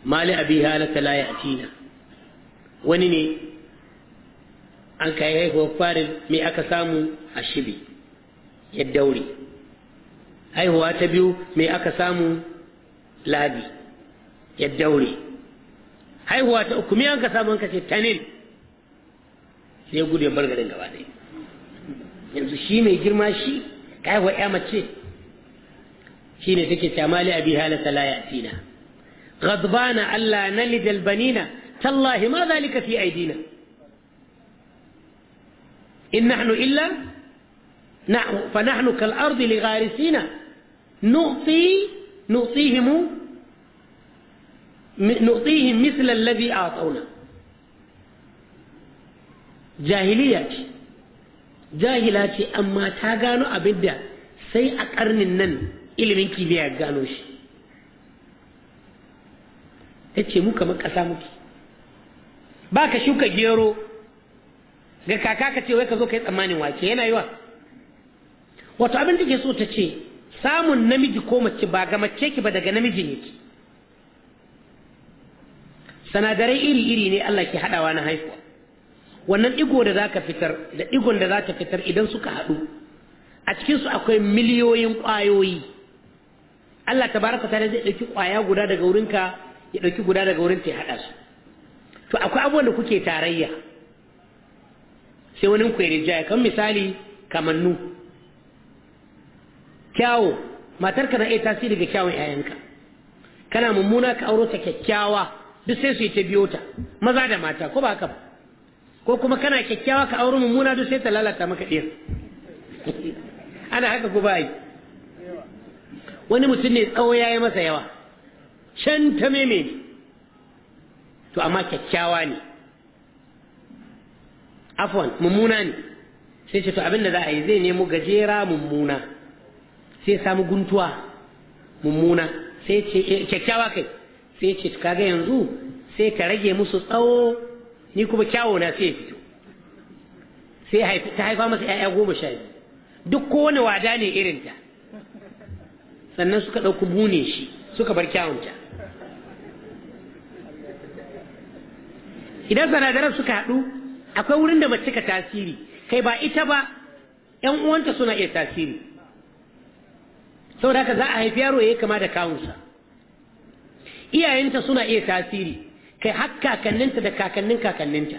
mali abi halaka a Tina wani ne an kai haihuwar farin me aka samu a shibi ya daure haihuwa ta biyu mai aka samu labi ya daure haihuwa ta uku miyan ka samu ka ce tanin sai gudu ya bar garin gaba ɗaya yanzu shi mai girma shi ka haihuwa ya mace shi ne take tamali abi halata la yatina ghadbana alla nalid albanina tallahi ma zalika fi aidina in nahnu illa فنحن كالأرض لغارسنا نؤطي نؤطيهم nu'tihim mislallabi a a'tawna jahiliya ce jahila ce amma ta gano abin da sai a karnin nan ilimin kimiyya gano shi ta ce mu kamar muke ba ka shuka gero ga kaka ka ce wai ka zo ka yi tsammanin wake yana yiwa wato abin da ke so ta ce samun namiji ko mace ba ga mace ki ba daga namiji ne ki sanadarai iri-iri ne Allah ke haɗawa na haihuwa wannan igo da zaka fitar da igon da zaka fitar idan suka haɗu a cikinsu akwai miliyoyin ƙwayoyi Allah tabaraka ta zai ɗauki ƙwaya guda daga wurinka ya ɗauki guda daga wurin ta ya haɗa su to akwai abubuwan da kuke tarayya sai wani ku ya kan misali kamannu kyawo matarka na iya tasiri ga kyawun 'ya'yanka kana mummuna ka aure ta kyakkyawa duk sai su yi ta biyo ta maza da mata ko ba haka ba ko kuma kana kyakkyawa ka auri mummuna duk sai ta lalata maka ɗiyar ana haka ko ba yi wani mutum ne tsawo ya yi masa yawa can ta meme ne to amma kyakkyawa ne afwan mummuna ne sai ce to abin da za a yi zai nemo gajera mummuna sai samu guntuwa mummuna sai ce eh, kyakkyawa kai sai ce kaga yanzu sai ka rage musu tsawo ni kuma kyawo na sai fito sai ta haifa masa 'ya'ya goma sha biyu duk kowane wada ne irinta sannan suka ɗauki bune shi suka bar kyawunta idan sanadarar suka haɗu akwai wurin da mace ka tasiri kai ba ita ba 'yan uwanta suna iya tasiri saboda haka za a haifi yaro ya yi kama da kawunsa iyayenta suna iya tasiri kai har kakanninta da kakannin kakanninta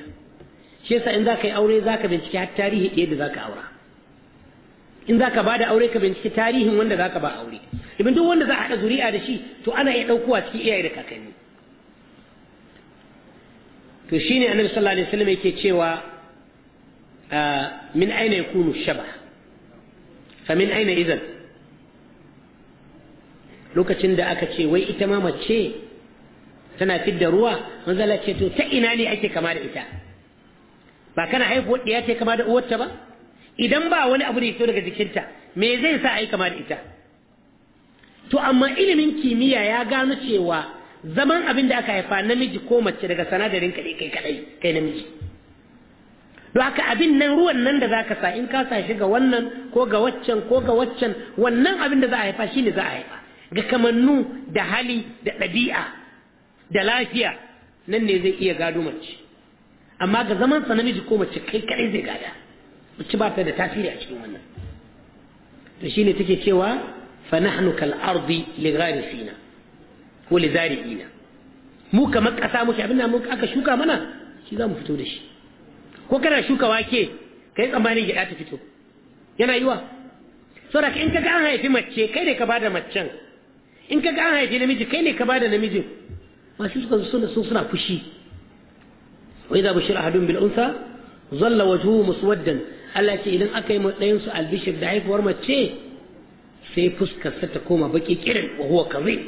shi yasa in zaka yi aure zaka bincike har tarihi ɗaya da zaka aura in zaka bada aure ka bincike tarihin wanda zaka ba aure ibin duk wanda za a haɗa zuri'a da shi to ana iya ɗaukowa cikin iyaye da kakanni to shine annabi sallallahu alaihi wasallam yake cewa ah, min aina yakunu shaba fa min aina idan lokacin da aka ce wai ita ma mace tana fidda ruwa manzala ce to ta ina ne ake kama da ita ba kana haihuwar ya ce kama da uwarta ba idan ba wani abu da ya daga jikinta me zai sa a yi kama da ita to amma ilimin kimiyya ya gano cewa zaman abin da aka haifa namiji ko mace daga sanadarin kaɗai kai kaɗai kai namiji don haka abin nan ruwan nan da zaka sa in ka sa shi ga wannan ko ga waccan ko ga waccan wannan abin da za a haifa shine za a haifa ga kamannu da hali da ɗabi'a da lafiya nan ne zai iya gado mace amma ga zaman sa namiji ko mace kai kai zai gada mace ba ta da tasiri a cikin wannan to shine take cewa fa nahnu kal ardi li Fina ko li zari'ina mu kamar kasa muke abinda mu aka shuka mana shi za mu fito da shi ko kana shuka wake kai tsammanin gida ta fito yana yiwa saboda in ka ga an haifi mace kai ne ka bada macen in ka an haifi namiji kai ne ka ba da namijin masu suka suna sun suna fushi wai za bushir ahadun bil unsa zalla wajhu muswaddan Allah ce idan aka yi matsayin su albishir da haifuwar mace sai fuskarsa ta koma baki kirin wa huwa kaze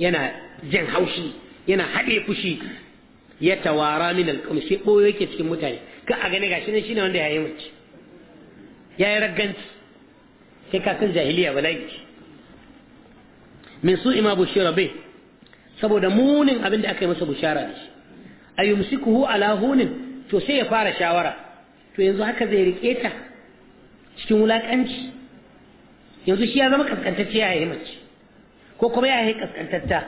yana jan haushi yana haɗe fushi ya tawara min alƙam sai ɓoyo yake cikin mutane ka a gani gashi nan shine wanda ya yi mace ya yi ragganci sai ka san jahiliya bala'i min su ima bushira bai saboda munin abin da aka yi masa bushara da shi a yumsikuhu ala hunin to sai ya fara shawara to yanzu haka zai rike ta cikin wulakanci yanzu shi ya zama kaskantacce ya yi mace ko kuma ya yi kaskantatta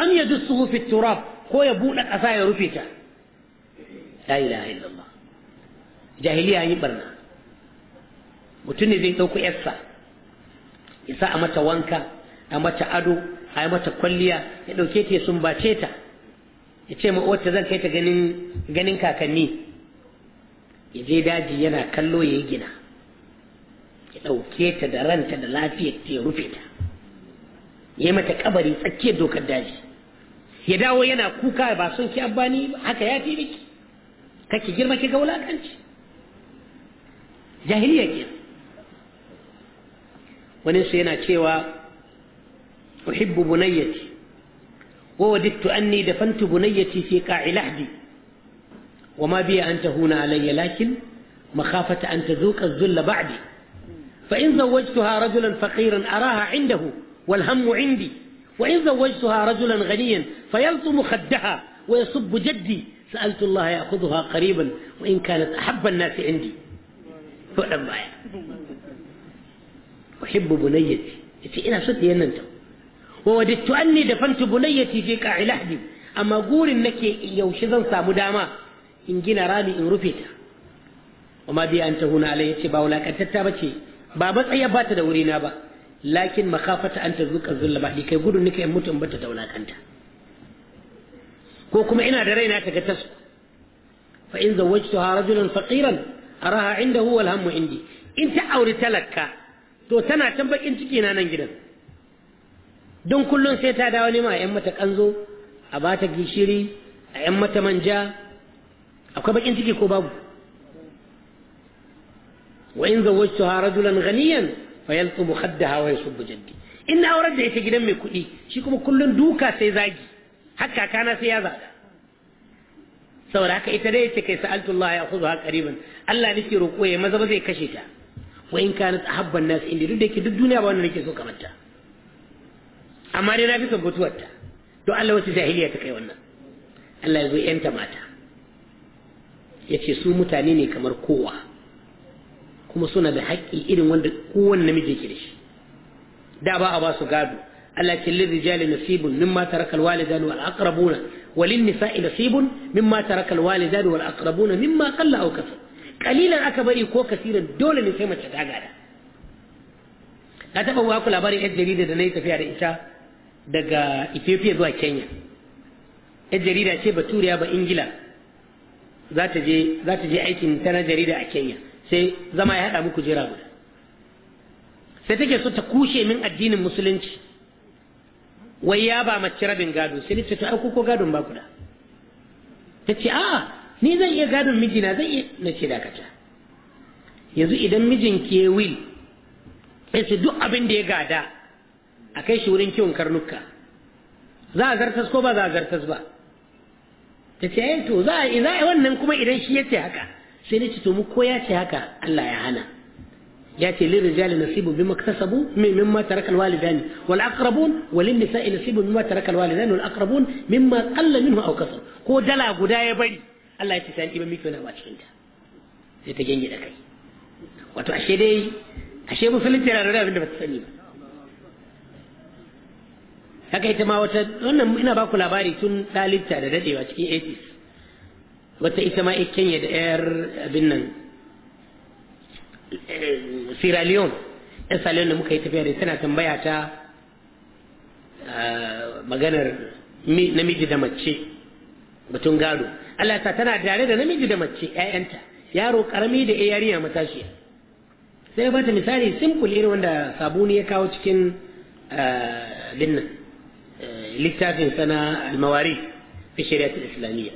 an ya dusuhu fi turab ko ya buɗe ƙasa ya rufe ta la ilaha illallah jahiliya yi barna mutum ne zai ɗauko yarsa ya sa a mata wanka a mata ado a yi mata kwalliya ya ɗauke ta ya sumbace ta ya ce ma wacce zan kai ta ganin kakanni ya je daji yana kallo ya yi gina ya ɗauke ta da ranta da lafiyar ta ya rufe ta ya yi mata kabari tsakiyar dokar daji ya dawo yana kuka ba son ki abbani haka ya fi miki kake girma ki ga wulakanci jahiliya ke wani su yana cewa أحب بنيتي ووددت أني دفنت بنيتي في قاع لحدي وما بي أن تهون علي لكن مخافة أن تذوق الذل بعدي فإن زوجتها رجلا فقيرا أراها عنده والهم عندي وإن زوجتها رجلا غنيا فيلطم خدها ويصب جدي سألت الله يأخذها قريبا وإن كانت أحب الناس عندي فأبعي أحب بنيتي إنا ستي أنتم ووددت أني دفنت بنيتي في قاع لحدي أما قول إنك يوشذن داما إن جينا راني إن رفيت وما بي أنت هنا علي يتبع ولك أنت تتابتي بابت أي بات دورينا با لكن مخافة أن تذوق الظل بعد كي يقول إنك يموت أن بتت ولك أنت كوكم إنا درينا تكتس فإن زوجتها رجلا فقيرا أراها عنده والهم عندي إنت تأوري تلك تو تنا تنبك إنت كينا ننجدن don kullum sai ta dawo nema a 'yan mata kanzo a ba ta gishiri a 'yan mata manja akwai bakin ciki ko babu wa in zawwajtuha rajulan ghaniyan fa yalqubu khaddaha wa yasubbu jaddi in aurar da ita gidan mai kuɗi shi kuma kullum duka sai zagi hakka kana sai ya zaga saboda haka ita dai ce kai sa'altu Allah ya khudha qariban Allah nake roƙo ya maza ba zai kashe ta wa in kanat ahabban nas inda duk da ke duk duniya ba wanda nake so kamar ta amma dai na fi son mutuwarta to Allah wasu jahiliya ta kai wannan Allah ya zo yanta mata ya ce su mutane ne kamar kowa kuma suna da haƙƙi irin wanda kowane namiji ke da shi da ba a ba su gado Allah ce lirri jali nasibun mimma tarakal walidan wal aqrabuna walin nisa'i nasibun mimma tarakal walidan wal aqrabuna mimma qalla aw kasa kalilan aka bari ko kasiran dole ne sai mace ta gada ka taba ba ku labarin yar jarida da nayi tafiya da ita daga ethiopia zuwa kenya yar jarida ce baturiya ba ingila za ta je aikin ta na jarida a kenya sai zama ya haɗa muku jira guda sai take so ta kushe min addinin musulunci wai ya ba mace rabin gado sai ce ta ko gadon ba guda ta ce a ni zan iya gadon mijina zan iya na ce dakata yanzu idan mijin ke wil sai duk abin da ya gada أكيد شورين كيون كرلوكا ذا غرتس كوبا ذا غرتس با تتعين تو ذا إذا أول نمكما إذا شيء تهكا سيني تتو مكويا تهكا الله يعانا ياتي للرجال نصيب بما اكتسبوا مما ترك الوالدان والاقربون وللنساء نصيب مما ترك الوالدان والاقربون مما قل منه او كثر كو دلا غدا يا الله يتي ابن ميكو نا باكي انت سي دي اشي بو فلتي رادو دا بنت سني haka ita ma wata wannan ina ba ku labari tun ɗalibta da dadewa cikin 80 wata ita ma kenya da yar abin nan eh, sierra leone yan saliyon da muka yi tafiya da tana tambaya ta eh, maganar namiji da mace batun gado Allah ta tana tare da namiji da mace 'ya'yanta yaro karami da yarinya matashiya sai ba ta misali simple irin wanda sabuni ya kawo cikin eh, binnan littafin sana almawari fi shari'atul islamiyya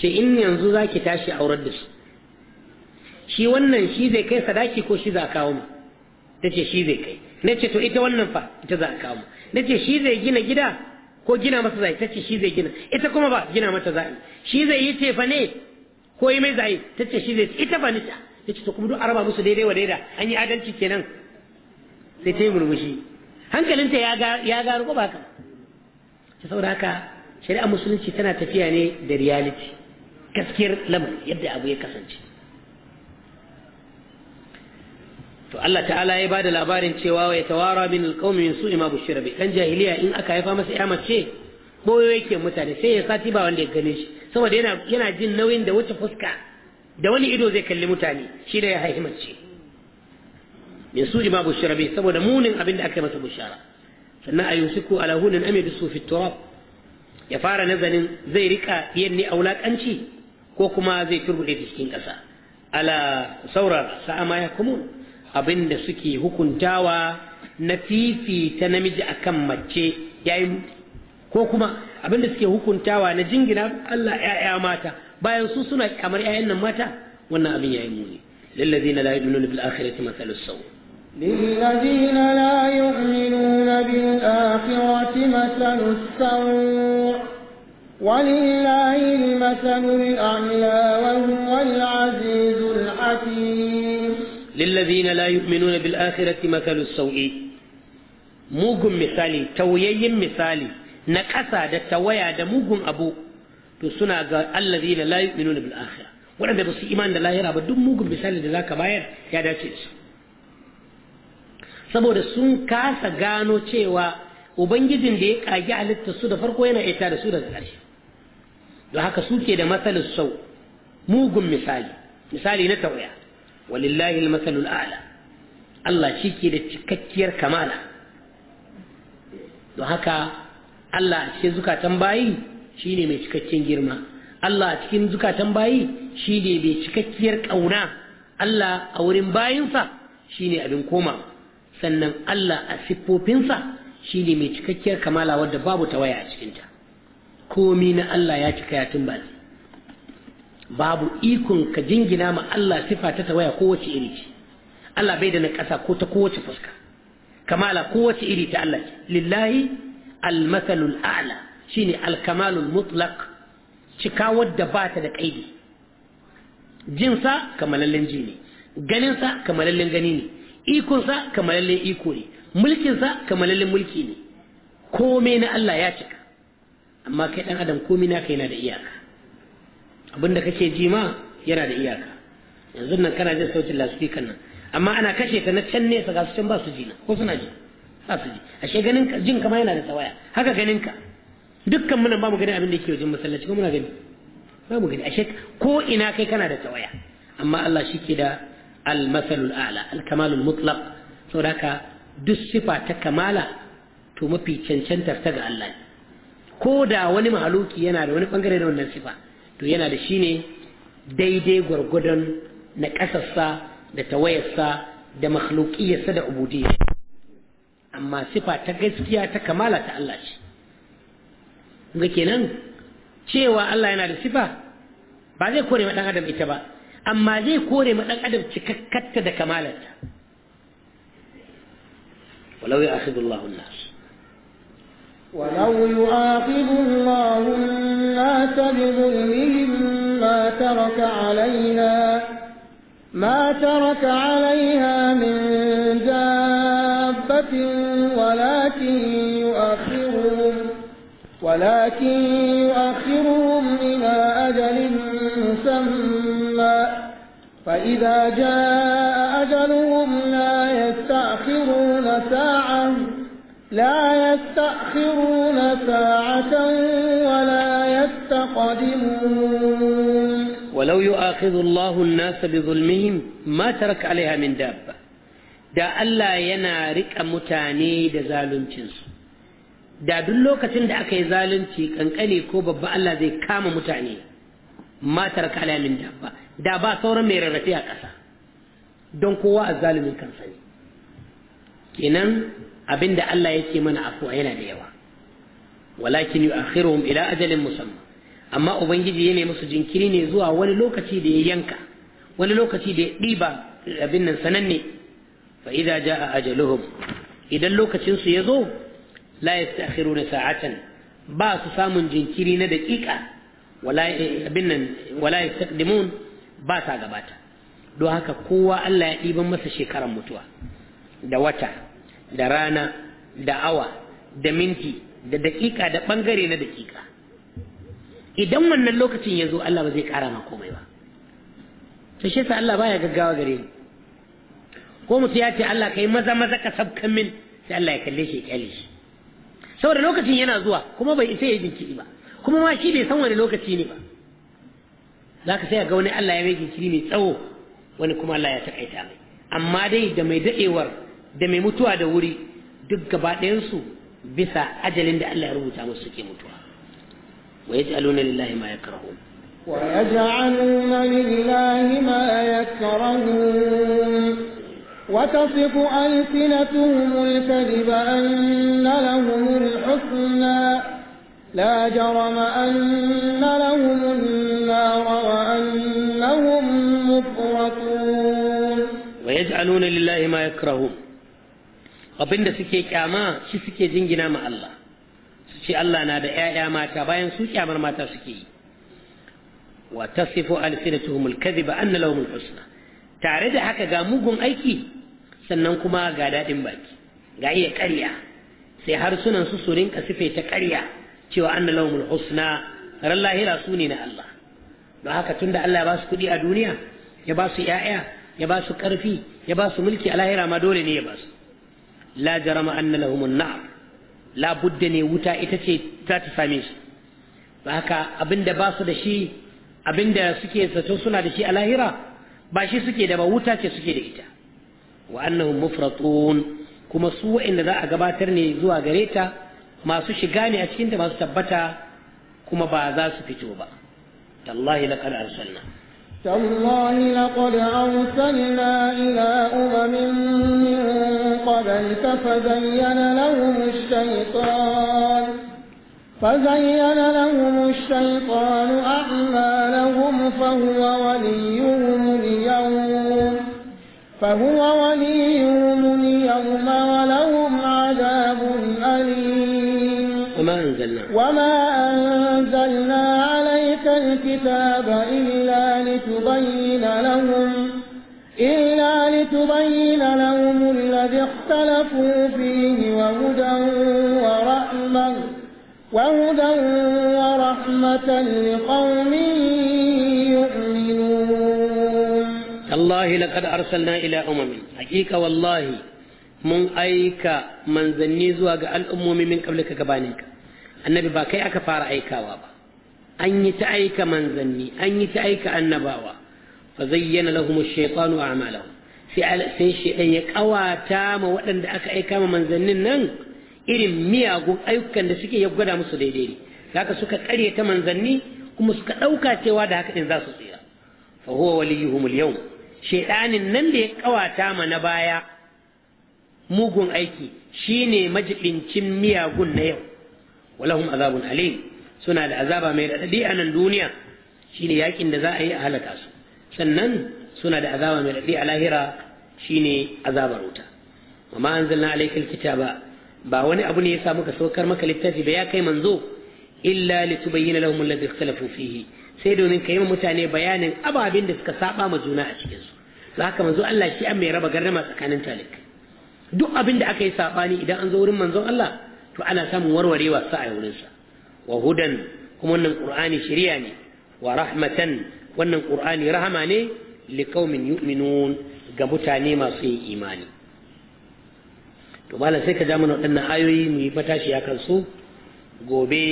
ce in yanzu zaki tashi aurar da shi shi wannan shi zai kai sadaki ko shi za a kawo mu tace shi zai kai nace to ita wannan fa ita za a kawo mu nace shi zai gina gida ko gina masa zai tace shi zai gina ita kuma ba gina mata zai shi zai yi tefa ne ko yi mai zai tace shi zai ita ba nita tace to kuma duk araba musu daidai wa daida an yi adalci kenan sai ta yi murmushi hankalinta ya gano ko ba ka? saboda haka shari'a musulunci tana tafiya ne da reality gaskiyar lamar yadda abu ya kasance to Allah ta'ala ya bada labarin cewa wa tawara min alqaumi min su'i ma bushira bi dan jahiliya in aka haifa masa ya mace boyo yake mutane sai ya sati ba wanda ya gane shi saboda yana yana jin nauyin da wata fuska da wani ido zai kalli mutane shi da ya haihi mace min su'i ma bushira bi saboda munin abin da aka yi masa bushara sannan a yusiku ala hunin ame bisu ya fara nazarin zai rika yanni a wulakanci ko kuma zai turbuɗe cikin ƙasa ala saurara sa'ama ya kuma abin da suke hukuntawa na fifita namiji akan mace yayin ko kuma abin da suke hukuntawa na jingina Allah ‘ya'ya mata bayan su suna kyamar ‘ya'yan nan mata wannan abin yi muni lillazina na yu'minuna bil akhirati mathalus sawa للذين لا يؤمنون بالآخرة مثل السوء ولله المثل الأعلى وهو العزيز الحكيم للذين لا يؤمنون بالآخرة مثل السوء موغم مثالي توييي مثالي نكسا دا تويا دا موغم أبو تسنى الذين لا يؤمنون بالآخرة ولم بس إيمان دا لا يرى بدون موغم مثالي دا لا كباير يا دا saboda sun kasa gano cewa ubangijin da ya kagi halitta su da farko yana ita da su daga ƙarshe don haka suke da matsalin sau mugun misali misali na tawaya walillahi almasalul a'la Allah shi ke da cikakkiyar kamala don haka Allah a cikin zukatan bayi shi ne mai cikakken girma Allah a cikin zukatan bayi shi ne mai cikakkiyar ƙauna Allah a wurin bayinsa shi ne abin komawa sannan Allah a siffofinsa shi ne mai cikakkiyar kamala wadda babu waya a cikinta komi na Allah ya cika ya tumbatsi babu ikon ka jingina ma Allah sifa ta tawaya kowace iri ce Allah bai da na ƙasa ko ta kowace fuska kamala kowace iri ta Allah ce lillahi almathalul a'la shine alkamalul mutlak cika wadda ba ta da kaidi jinsa kamalallen ji ne ganinsa kamalallen gani ne ikonsa kamalallin iko ne mulkinsa kamalallin mulki ne komai na Allah ya cika amma kai dan adam komai naka yana da iyaka abinda kake ji ma yana da iyaka yanzu nan kana jin sautin lasifikan nan amma ana kashe ka na can sa, ga su can ba su ji ko suna ji ba su ji ashe ganin ka jin kama yana da tsawaya haka ganin ka dukkan muna ba mu gani abin da yake wajen masallaci kuma muna gani ba mu gani ashe ko ina kai kana da tsawaya amma Allah shi ke da almasalul a'la الكمال المطلق saboda haka duk sifa ta kamala to mafi cancantar ta ga Allah ko da wani mahaluki yana da wani bangare da wannan sifa to yana da shine daidai gwargwadon na kasarsa da tawayarsa da makhlukiyarsa da ubudiyya amma sifa ta gaskiya ta kamala ta Allah ce ga kenan cewa Allah yana da sifa ba zai kore ma adam ita ba amma zai kore ma ɗan adam cikakkatta da kamalarta walau ya akhidu Allahun nas ولو يؤاخذ الله الناس بظلمهم ما ترك عليها ما ترك عليها من دابة ولكن يؤخرهم ولكن يؤخرهم إلى أجل فإذا جاء أجلهم لا يستأخرون ساعة لا يستأخرون ساعة ولا يستقدمون ولو يؤاخذ الله الناس بظلمهم ما ترك عليها من دابة دا ألا ينارك متاني دا تنسو دا دلوكة دا أكي زالنتي كان كوبا بألا ذي كام متاني matar kala dabba da ba sauran mai rarrafe a ƙasa don kowa a zalumin kansa ne kenan abinda Allah yake mana afuwa yana da yawa walakin yu'akhiruhum ila ajalin musamman. amma ubangiji yana musu jinkiri ne zuwa wani lokaci da ya yanka wani lokaci da ya ɗiba abin nan sananne fa idza jaa ajaluhum idan lokacin su ya zo la yastakhiruna sa'atan ba su samun jinkiri na daƙiƙa wala abin nan wala ba sa gabata don haka kowa Allah ya ɗiban masa shekaran mutuwa da wata da rana da awa da minti da daƙiƙa da ɓangare na daƙiƙa idan wannan lokacin ya zo Allah ba zai ƙara ma komai ba ta shi Allah baya gaggawa gare ni ko mutum ya ce Allah ka yi maza maza ka sabkan min sai Allah ya kalle shi ya kyale shi saboda lokacin yana zuwa kuma bai isa ya jinkiri ba kuma ma shi bai san wani lokaci ne ba za ka sai ga wani Allah ya mai jinkiri mai tsawo wani kuma Allah ya takaita mai amma dai da mai daɗewar da mai mutuwa da wuri duk gaba ɗayansu bisa ajalin da Allah ya rubuta musu suke mutuwa wa yaj'aluna lillahi ma yakrahun wa yaj'aluna lillahi ma وتصف ألسنتهم الكذب أن لهم الحسنى لا جرم أن لهم النار وأنهم مفرطون ويجعلون لله ما يكرهون abinda suke kyama shi suke jingina ma Allah su ce Allah na da ‘ya'ya mata bayan su kyamar mata suke yi wa tasifu alsinatuhumul kadhiba anna lahumul husna tare da haka ga mugun aiki sannan kuma ga daɗin baki ga iya ƙarya sai harsunan su su rinka sife ta ƙarya cewa anna lahumul husna ran lahira su ne na Allah don haka tunda Allah ya ba su kuɗi a duniya ya ba su yaya ya ba su ƙarfi ya ba su mulki a lahira ma dole ne ya ba su la jarama anna lahumun na'am la budda ne wuta ita ce za ta same su don haka abinda ba su da shi abinda suke zato suna da shi a lahira ba shi suke da ba wuta ce suke da ita wa annahum mufratun kuma su wa'inda za a gabatar ne zuwa gare ta masu shiga ne a cikinta masu tabbata kuma ba za su fito ba tallahi laqad arsalna تالله لقد أرسلنا إلى أمم من قبلك فزين لهم الشيطان فزين لهم الشيطان أعمالهم فهو وليهم اليوم فهو وليهم اليوم ولهم عذاب أليم أنزلنا وما أنزلنا عليك الكتاب إلا لتبين لهم إلا لتبين لهم الذي اختلفوا فيه وهدى ورحمة وهدى ورحمة لقوم يؤمنون الله لقد أرسلنا إلى أمم حقيقة والله من أيك من زنيزوا الأمم من قبلك كبانيك annabi ba kai aka fara aikawa ba an yi ta aika manzanni an yi ta aika annabawa fa zayyana lahum ash-shaytanu a'malahum sai shaytan ya kawata ma waɗanda aka aika ma manzannin nan irin miyagun ayyukan da suke ya gwada musu daidai ne haka suka kare ta manzanni kuma suka ɗauka cewa da haka ɗin za su tsira fa huwa waliyuhum al-yawm shaytanin nan da ya kawata ma na baya mugun aiki shine majibincin miyagun na yau walahum azabun alim suna da azaba mai raɗaɗi a nan duniya shine yakin da za a yi a halaka su sannan suna da azaba mai radadi a lahira shine azabar wuta amma anzalna alaikal kitaba ba wani abu ne ya sa muka saukar maka littafi ba ya kai manzo illa litubayyana lahum alladhi ikhtalafu fihi sai domin ka yi wa mutane bayanin ababen da suka saɓa ma juna a cikinsu. su haka manzo Allah shi an mai raba gardama tsakanin talik duk abin da aka yi sabani idan an zo wurin manzon Allah to ana samun warwarewa sa a wurinsa wa hudan kuma wannan qur'ani shari'a ne wa rahmatan wannan qur'ani rahama ne liqaumin yu'minun ga mutane masu yin imani to malam sai ka ja mana waɗannan ayoyi mu yi matashi ya kansu gobe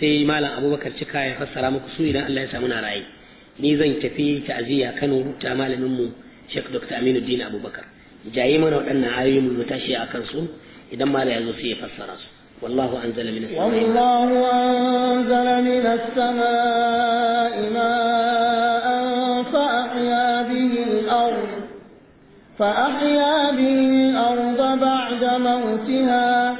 sai malam abubakar cika ya fassara muku su idan Allah ya samu na raye ni zan tafi ta'aziyya Kano ta malamin mu Sheikh Dr. Aminu Dina Abubakar jaye mana waɗannan ayoyi mu yi matashi a kansu إذا ما لا zo فيه ya رأسه والله أنزل من السماء والله أنزل من السماء ماء فأحيا به الأرض فأحيا به الأرض بعد موتها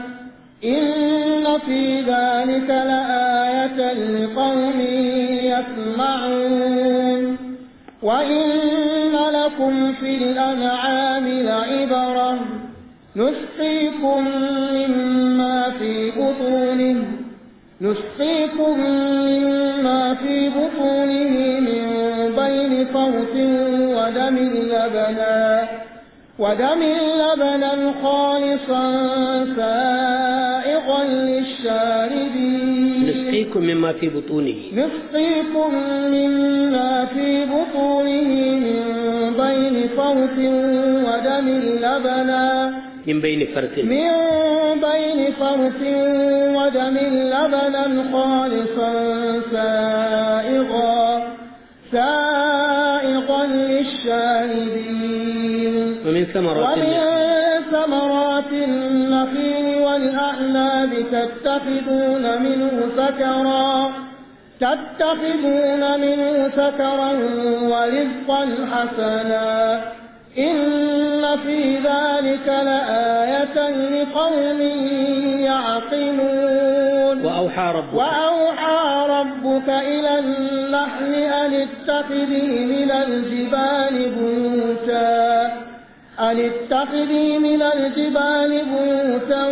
إن في ذلك لآية لقوم يسمعون وإن لكم في الأنعام لعبرة نسقيكم مما في بطونه نسقيكم مما في بطونه من بين صوت ودم لبنا ودم لبنا خالصا سائغا للشاربين نسقيكم مما في بطونه نسقيكم مما في بطونه من بين صوت ودم لبنا من بين فرث من بين فرث ودم لبنا خالصا سائغا سائغا للشاهدين ومن ثمرات ومن ثمرات النخيل والأعناب تتخذون منه سكرا تتخذون منه سكرا ورزقا حسنا إن في ذلك لآية لقوم يعقلون وأوحى ربك, وأوحى ربك إلى النحل أن اتخذي من الجبال بيوتا أن اتخذي من الجبال بيوتا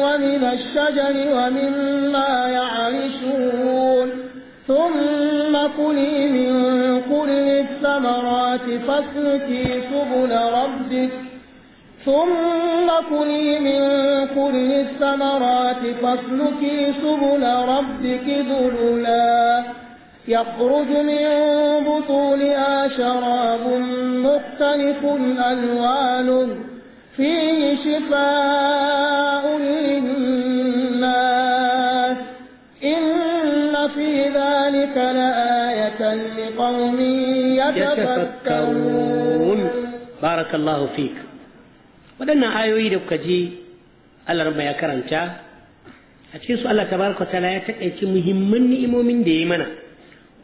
ومن الشجر ومما يعرشون ثم كلي من كل الثمرات فاسلكي سبل ربك ثم كلي من كل الثمرات فاسلكي سبل ربك ذللا يخرج من بطونها شراب مختلف ألوانه فيه شفاء للناس لقوم يتفكرون بارك الله فيك ودنا آيوي دوكا جي الله ربما يكرنتا أتشين سؤال الله تبارك وتعالى يتقيت إمو من ديمنا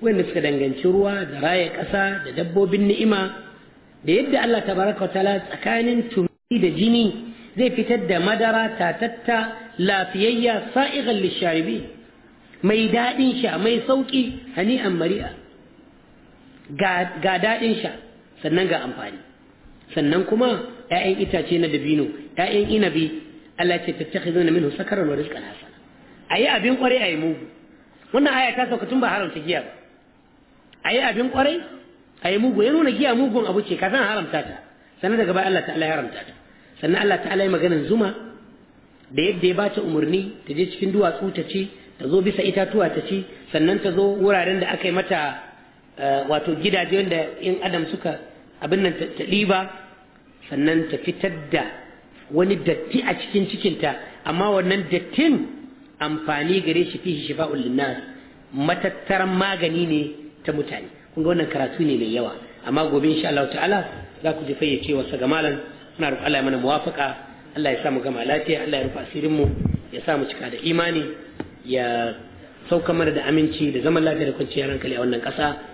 وين نسكا دنجان شروا درايا كسا ددبو بالنئمة ليبدأ الله تبارك وتعالى أكان تميد جيني زي في تد مدرة تاتتا لا فيي صائغا للشاربين ميدان شا مي صوتي هنيئا مريئا ga daɗin sha sannan ga amfani sannan kuma 'ya'yan itace na dabino 'ya'yan inabi Allah ce ta tattakhizuna minhu sakaran wa nasa A yi abin kwarai yi mugu wannan aya ta sauka tun ba haramta giya ba a yi abin kwarai yi mugu ya nuna giya mugun abu ce kafin haramta ta sannan daga baya Allah ta'ala ya haramta ta sannan Allah ta'ala ya maganin zuma da yadda ya bata umarni ta je cikin duwatsu ta ci ta zo bisa itatuwa ta ci sannan ta zo wuraren da aka yi mata Eh, wato gidaje wanda in adam suka abin nan ta ɗiba sannan ta fitar da wani datti a cikin cikinta amma wannan dattin amfani gare shi shi shifa linnas matattaran magani ne ta mutane kun wannan karatu ne mai yawa amma gobe insha Allah ta'ala za ku ji fayyace wasa ga malam muna roƙon Allah ya mana muwafaqa Allah ya sa mu gama lafiya Allah ya rufa asirin mu ya sa mu cika da imani ya sauka mana da aminci da zaman lafiya da kwanciyar hankali a wannan ƙasa